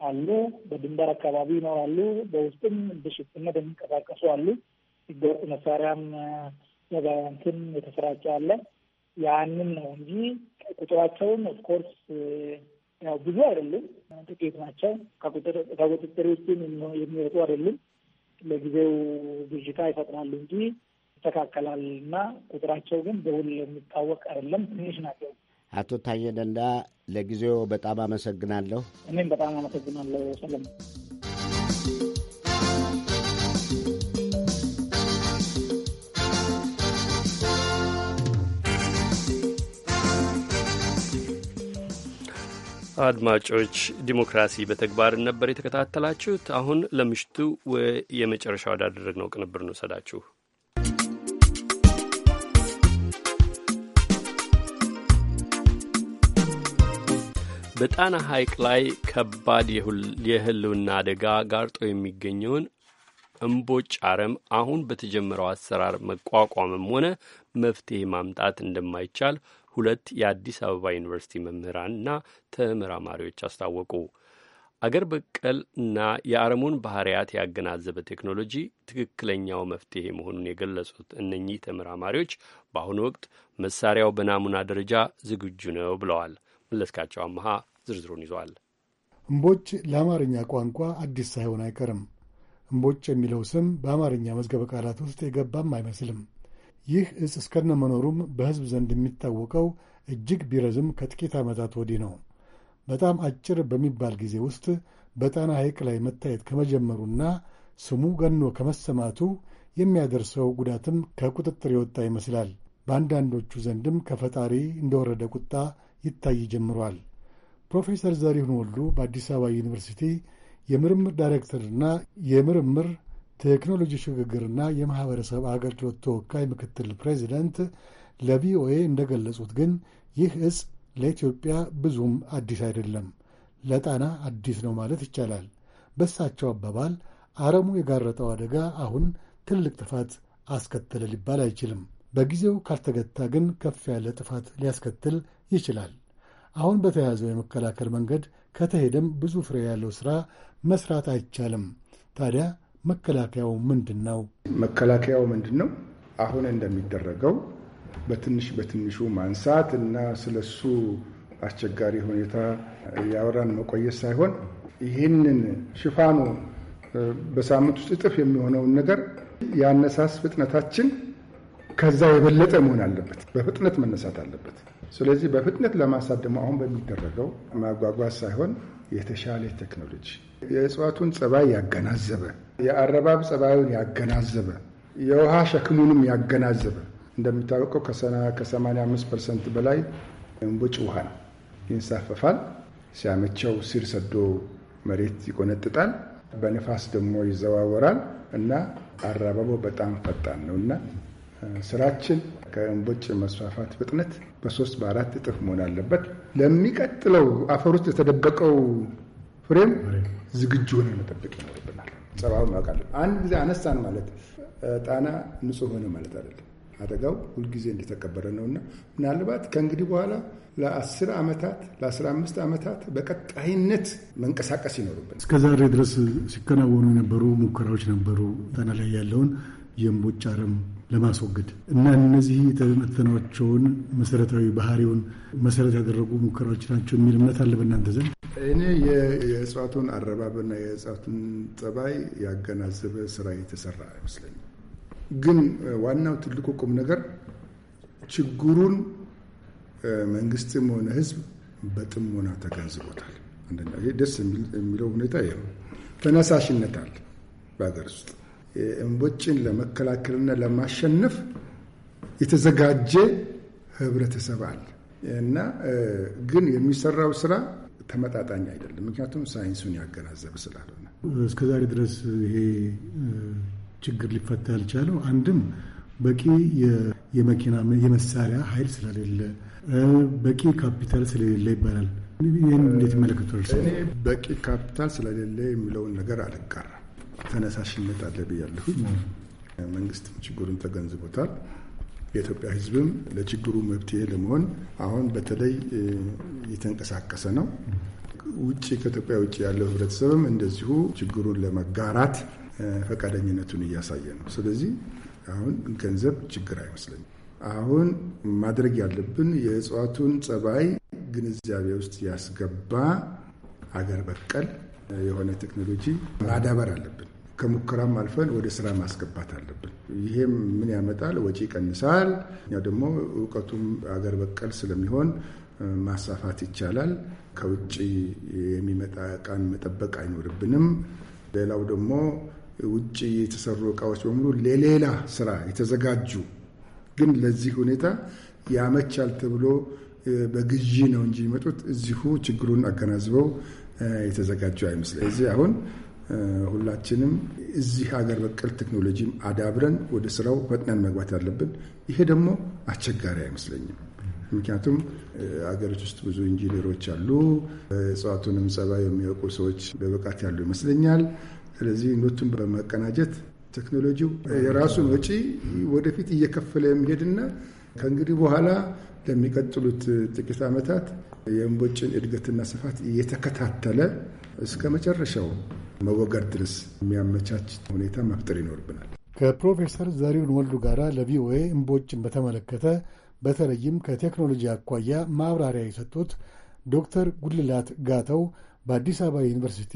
አሉ። በድንበር አካባቢ ይኖራሉ። በውስጥም ብሽፍነት የሚንቀሳቀሱ አሉ። ህገወጥ መሳሪያም ነጋያንትን የተሰራጨ አለ። ያንን ነው እንጂ ቁጥራቸውን ኦፍኮርስ ያው ብዙ አይደለም፣ ጥቂት ናቸው። ከቁጥጥር ውስጥ የሚወጡ አይደለም። ለጊዜው ብዥታ ይፈጥራሉ እንጂ ይስተካከላል እና ቁጥራቸው ግን በውል የሚታወቅ አይደለም፣ ትንሽ ናቸው። አቶ ታየ ደንዳ ለጊዜው በጣም አመሰግናለሁ። እኔም በጣም አመሰግናለሁ ሰለሞን። አድማጮች ዲሞክራሲ በተግባር ነበር የተከታተላችሁት። አሁን ለምሽቱ የመጨረሻ ወዳደረግነው ቅንብር እንውሰዳችሁ። በጣና ሐይቅ ላይ ከባድ የሕልውና አደጋ ጋርጦ የሚገኘውን እምቦጭ አረም አሁን በተጀመረው አሰራር መቋቋምም ሆነ መፍትሄ ማምጣት እንደማይቻል ሁለት የአዲስ አበባ ዩኒቨርሲቲ መምህራንና ተመራማሪዎች አስታወቁ። አገር በቀል እና የአረሙን ባህርያት ያገናዘበ ቴክኖሎጂ ትክክለኛው መፍትሄ መሆኑን የገለጹት እነኚህ ተመራማሪዎች በአሁኑ ወቅት መሳሪያው በናሙና ደረጃ ዝግጁ ነው ብለዋል። መለስካቸው አመሃ ዝርዝሩን ይዟል። እምቦጭ ለአማርኛ ቋንቋ አዲስ ሳይሆን አይቀርም። እምቦጭ የሚለው ስም በአማርኛ መዝገበ ቃላት ውስጥ የገባም አይመስልም። ይህ እጽ መኖሩም በሕዝብ ዘንድ የሚታወቀው እጅግ ቢረዝም ከጥቂት ዓመታት ወዲህ ነው። በጣም አጭር በሚባል ጊዜ ውስጥ በጣና ሐይቅ ላይ መታየት ከመጀመሩና ስሙ ገኖ ከመሰማቱ የሚያደርሰው ጉዳትም ከቁጥጥር የወጣ ይመስላል። በአንዳንዶቹ ዘንድም ከፈጣሪ እንደወረደ ቁጣ ይታይ ጀምሯል። ፕሮፌሰር ዘሪሁን ወሉ በአዲስ አበባ ዩኒቨርሲቲ የምርምር ዳይሬክተርና የምርምር ቴክኖሎጂ ሽግግርና የማህበረሰብ አገልግሎት ተወካይ ምክትል ፕሬዚደንት ለቪኦኤ እንደገለጹት ግን ይህ እጽ ለኢትዮጵያ ብዙም አዲስ አይደለም፣ ለጣና አዲስ ነው ማለት ይቻላል። በሳቸው አባባል አረሙ የጋረጠው አደጋ አሁን ትልቅ ጥፋት አስከተለ ሊባል አይችልም። በጊዜው ካልተገታ ግን ከፍ ያለ ጥፋት ሊያስከትል ይችላል። አሁን በተያዘው የመከላከል መንገድ ከተሄደም ብዙ ፍሬ ያለው ሥራ መስራት አይቻልም። ታዲያ መከላከያው ምንድን ነው? መከላከያው ምንድን ነው? አሁን እንደሚደረገው በትንሽ በትንሹ ማንሳት እና ስለሱ አስቸጋሪ ሁኔታ ያወራን መቆየት ሳይሆን ይህንን ሽፋኑ በሳምንት ውስጥ እጥፍ የሚሆነውን ነገር የአነሳስ ፍጥነታችን ከዛ የበለጠ መሆን አለበት። በፍጥነት መነሳት አለበት። ስለዚህ በፍጥነት ለማንሳት ደግሞ አሁን በሚደረገው ማጓጓዝ ሳይሆን የተሻለ ቴክኖሎጂ የእጽዋቱን ጸባይ ያገናዘበ የአረባብ ጸባዩን ያገናዘበ የውሃ ሸክሙንም ያገናዘበ እንደሚታወቀው ከ85 ፐርሰንት በላይ እንቦጭ ውሃ ነው። ይንሳፈፋል። ሲያመቸው ስር ሰዶ መሬት ይቆነጥጣል። በንፋስ ደግሞ ይዘዋወራል እና አራባቦ በጣም ፈጣን ነው እና ስራችን ከእንቦጭ መስፋፋት ፍጥነት በሶስት በአራት እጥፍ መሆን አለበት። ለሚቀጥለው አፈር ውስጥ የተደበቀው ፍሬም ዝግጁ ሆነ መጠበቅ ይኖርብናል። ጸባውን ማወቅ አንድ ጊዜ አነሳን ማለት ጣና ንጹህ ሆነ ማለት አይደለም። አደጋው ሁልጊዜ እንደተቀበረ ነውና ምናልባት ከእንግዲህ በኋላ ለአስር ዓመታት ለአስራ አምስት ዓመታት በቀጣይነት መንቀሳቀስ ይኖርብን። እስከ ዛሬ ድረስ ሲከናወኑ የነበሩ ሙከራዎች ነበሩ። ጣና ላይ ያለውን የእምቦጭ አረም ለማስወገድ እና እነዚህ የተመተናቸውን መሰረታዊ ባህሪውን መሰረት ያደረጉ ሙከራዎች ናቸው የሚል እምነት አለ በእናንተ ዘንድ? እኔ የእጽዋቱን አረባብና የእጽዋቱን ጠባይ ያገናዘበ ስራ የተሰራ አይመስለኝም። ግን ዋናው ትልቁ ቁም ነገር ችግሩን መንግስትም ሆነ ህዝብ በጥሞና ተገንዝቦታል። አንደኛው ደስ የሚለው ሁኔታ ይኸው ተነሳሽነት አለ በሀገር ውስጥ እንቦጭን ለመከላከልና ለማሸነፍ የተዘጋጀ ህብረተሰብ አለ እና ግን የሚሰራው ስራ ተመጣጣኝ አይደለም። ምክንያቱም ሳይንሱን ያገናዘበ ስላልሆነ እስከዛሬ ድረስ ይሄ ችግር ሊፈታ ያልቻለው አንድም በቂ የመኪና የመሳሪያ ኃይል ስለሌለ፣ በቂ ካፒታል ስለሌለ ይባላል። ይህን እንዴት ይመለከቱ? በቂ ካፒታል ስለሌለ የሚለውን ነገር አልጋራ ተነሳሽነት አለ ብያለሁ። መንግስትም ችግሩን ተገንዝቦታል። የኢትዮጵያ ሕዝብም ለችግሩ መብትሄ ለመሆን አሁን በተለይ እየተንቀሳቀሰ ነው። ውጭ ከኢትዮጵያ ውጭ ያለው ህብረተሰብም እንደዚሁ ችግሩን ለመጋራት ፈቃደኝነቱን እያሳየ ነው። ስለዚህ አሁን ገንዘብ ችግር አይመስለኝም። አሁን ማድረግ ያለብን የእጽዋቱን ጸባይ ግንዛቤ ውስጥ ያስገባ አገር በቀል የሆነ ቴክኖሎጂ ማዳበር አለብን። ከሙከራም አልፈን ወደ ስራ ማስገባት አለብን። ይሄም ምን ያመጣል? ወጪ ይቀንሳል። እኛ ደግሞ እውቀቱም አገር በቀል ስለሚሆን ማሳፋት ይቻላል። ከውጭ የሚመጣ እቃን መጠበቅ አይኖርብንም። ሌላው ደግሞ ውጭ የተሰሩ እቃዎች በሙሉ ለሌላ ስራ የተዘጋጁ ግን ለዚህ ሁኔታ ያመቻል ተብሎ በግዢ ነው እንጂ የሚመጡት እዚሁ ችግሩን አገናዝበው የተዘጋጁ አይመስለኝ። እዚህ አሁን ሁላችንም እዚህ ሀገር በቀል ቴክኖሎጂም አዳብረን ወደ ስራው ፈጥነን መግባት ያለብን። ይሄ ደግሞ አስቸጋሪ አይመስለኝም። ምክንያቱም አገሮች ውስጥ ብዙ ኢንጂነሮች አሉ፣ እጽዋቱንም ጸባይ የሚያውቁ ሰዎች በብቃት ያሉ ይመስለኛል። ስለዚህ ሁለቱም በመቀናጀት ቴክኖሎጂው የራሱን ወጪ ወደፊት እየከፈለ የሚሄድና ከእንግዲህ በኋላ ለሚቀጥሉት ጥቂት ዓመታት የእንቦጭን እድገትና ስፋት እየተከታተለ እስከ መጨረሻው መወገድ ድረስ የሚያመቻች ሁኔታ መፍጠር ይኖርብናል። ከፕሮፌሰር ዘሪሁን ወልዱ ጋር ለቪኦኤ እንቦጭን በተመለከተ በተለይም ከቴክኖሎጂ አኳያ ማብራሪያ የሰጡት ዶክተር ጉልላት ጋተው በአዲስ አበባ ዩኒቨርሲቲ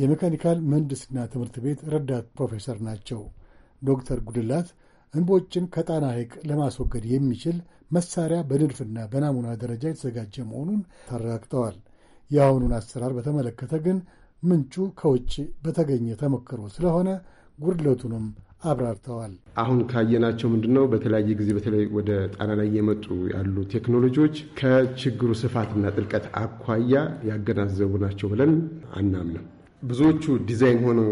የሜካኒካል ምህንድስና ትምህርት ቤት ረዳት ፕሮፌሰር ናቸው። ዶክተር ጉልላት እንቦጭን ከጣና ሐይቅ ለማስወገድ የሚችል መሳሪያ በንድፍና በናሙና ደረጃ የተዘጋጀ መሆኑን ተረጋግጠዋል። የአሁኑን አሰራር በተመለከተ ግን ምንጩ ከውጭ በተገኘ ተሞክሮ ስለሆነ ጉድለቱንም አብራርተዋል። አሁን ካየናቸው ምንድነው በተለያየ ጊዜ በተለይ ወደ ጣና ላይ የመጡ ያሉ ቴክኖሎጂዎች ከችግሩ ስፋትና ጥልቀት አኳያ ያገናዘቡ ናቸው ብለን አናምንም። ብዙዎቹ ዲዛይን ሆነው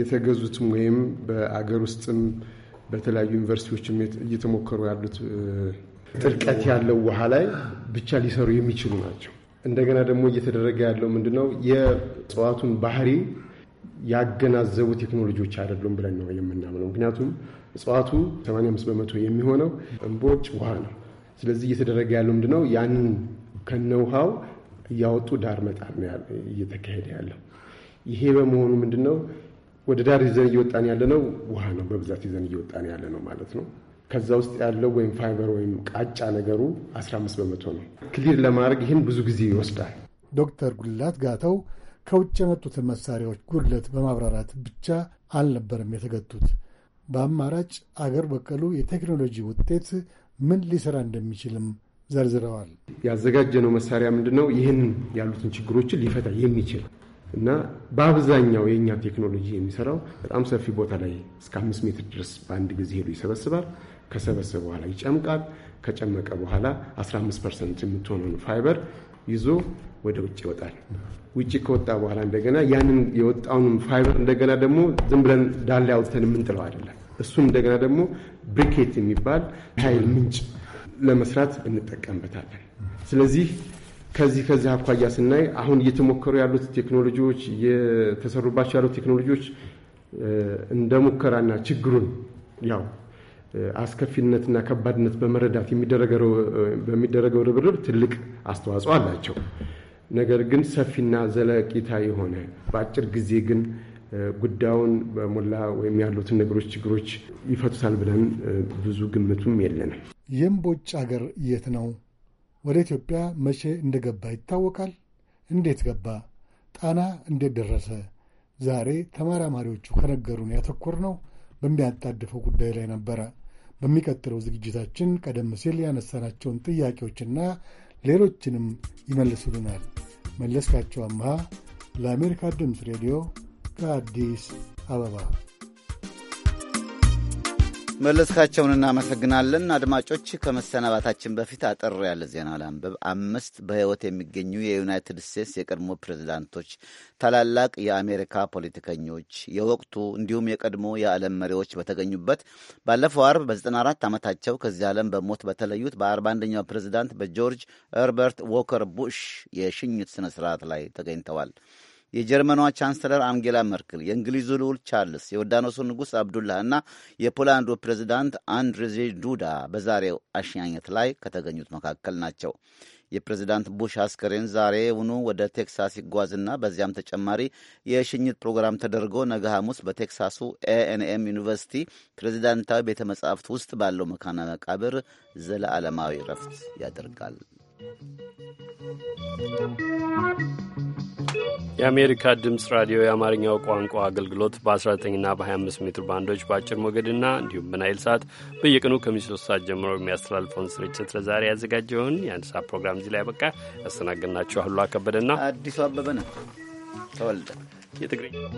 የተገዙትም ወይም በአገር ውስጥም በተለያዩ ዩኒቨርሲቲዎችም እየተሞከሩ ያሉት ጥልቀት ያለው ውሃ ላይ ብቻ ሊሰሩ የሚችሉ ናቸው። እንደገና ደግሞ እየተደረገ ያለው ምንድነው የእጽዋቱን ባህሪ ያገናዘቡ ቴክኖሎጂዎች አይደሉም ብለን ነው የምናምነው። ምክንያቱም እጽዋቱ 85 በመቶ የሚሆነው እምቦጭ ውሃ ነው። ስለዚህ እየተደረገ ያለው ነው? ያንን ከነውሃው እያወጡ ዳር መጣል ነው እየተካሄደ ያለው። ይሄ በመሆኑ ምንድነው ወደ ዳር ይዘን እየወጣን ያለ ነው ውሃ ነው በብዛት ይዘን እየወጣን ያለ ነው ማለት ነው። ከዛ ውስጥ ያለው ወይም ፋይበር ወይም ቃጫ ነገሩ 15 በመቶ ነው። ክሊር ለማድረግ ይህን ብዙ ጊዜ ይወስዳል። ዶክተር ጉልላት ጋተው ከውጭ የመጡትን መሳሪያዎች ጉድለት በማብራራት ብቻ አልነበረም የተገቱት። በአማራጭ አገር በቀሉ የቴክኖሎጂ ውጤት ምን ሊሰራ እንደሚችልም ዘርዝረዋል። ያዘጋጀነው መሳሪያ ምንድን ነው? ይህንን ያሉትን ችግሮችን ሊፈታ የሚችል እና በአብዛኛው የእኛ ቴክኖሎጂ የሚሰራው በጣም ሰፊ ቦታ ላይ እስከ አምስት ሜትር ድረስ በአንድ ጊዜ ሄዶ ይሰበስባል። ከሰበሰበ በኋላ ይጨምቃል። ከጨመቀ በኋላ 15 ፐርሰንት የምትሆነውን ፋይበር ይዞ ወደ ውጭ ይወጣል። ውጭ ከወጣ በኋላ እንደገና ያንን የወጣውን ፋይበር እንደገና ደግሞ ዝም ብለን ዳላ አውጥተን የምንጥለው አይደለም። እሱም እንደገና ደግሞ ብሪኬት የሚባል ኃይል ምንጭ ለመስራት እንጠቀምበታለን። ስለዚህ ከዚህ ከዚህ አኳያ ስናይ አሁን እየተሞከሩ ያሉት ቴክኖሎጂዎች እየተሰሩባቸው ያሉት ቴክኖሎጂዎች እንደ ሙከራና ችግሩን ያው አስከፊነትና ከባድነት በመረዳት በሚደረገው ርብርብ ትልቅ አስተዋጽኦ አላቸው። ነገር ግን ሰፊና ዘለቂታ የሆነ በአጭር ጊዜ ግን ጉዳዩን በሞላ ወይም ያሉትን ነገሮች ችግሮች ይፈቱታል ብለን ብዙ ግምቱም የለንም። የእምቦጭ አገር የት ነው? ወደ ኢትዮጵያ መቼ እንደገባ ይታወቃል? እንዴት ገባ? ጣና እንዴት ደረሰ? ዛሬ ተመራማሪዎቹ ከነገሩን ያተኮር ነው በሚያጣድፈው ጉዳይ ላይ ነበረ። በሚቀጥለው ዝግጅታችን ቀደም ሲል ያነሳናቸውን ጥያቄዎችና ሌሎችንም ይመልሱልናል። መለስካቸው አምሃ ለአሜሪካ ድምፅ ሬዲዮ ከአዲስ አበባ መለስካቸውን እናመሰግናለን። አድማጮች ከመሰናባታችን በፊት አጠር ያለ ዜና ላንብብ። አምስት በሕይወት የሚገኙ የዩናይትድ ስቴትስ የቀድሞ ፕሬዚዳንቶች፣ ታላላቅ የአሜሪካ ፖለቲከኞች፣ የወቅቱ እንዲሁም የቀድሞ የዓለም መሪዎች በተገኙበት ባለፈው አርብ በ94 ዓመታቸው ከዚህ ዓለም በሞት በተለዩት በ41ኛው ፕሬዚዳንት በጆርጅ ኸርበርት ዎከር ቡሽ የሽኝት ሥነ ሥርዓት ላይ ተገኝተዋል። የጀርመኗ ቻንስለር አንጌላ መርክል፣ የእንግሊዙ ልዑል ቻርልስ፣ የዮርዳኖሱ ንጉሥ አብዱላ እና የፖላንዱ ፕሬዚዳንት አንድሬዜ ዱዳ በዛሬው አሸኛኘት ላይ ከተገኙት መካከል ናቸው። የፕሬዚዳንት ቡሽ አስከሬን ዛሬውኑ ወደ ቴክሳስ ይጓዝና በዚያም ተጨማሪ የሽኝት ፕሮግራም ተደርጎ ነገ ሐሙስ በቴክሳሱ ኤኤንኤም ዩኒቨርሲቲ ፕሬዚዳንታዊ ቤተ መጻሕፍት ውስጥ ባለው መካነ መቃብር ዘለዓለማዊ ረፍት ያደርጋል። የአሜሪካ ድምፅ ራዲዮ የአማርኛው ቋንቋ አገልግሎት በ19ና በ25 ሜትር ባንዶች በአጭር ሞገድና እንዲሁም በናይል ሰዓት በየቀኑ ከምሽቱ ሶስት ሰዓት ጀምሮ የሚያስተላልፈውን ስርጭት ለዛሬ ያዘጋጀውን የአንድ ሰዓት ፕሮግራም እዚህ ላይ ያበቃ። ያስተናገድናችሁ አሉላ ከበደና አዲሱ አበበ ነው። ተወልደ የትግርኛ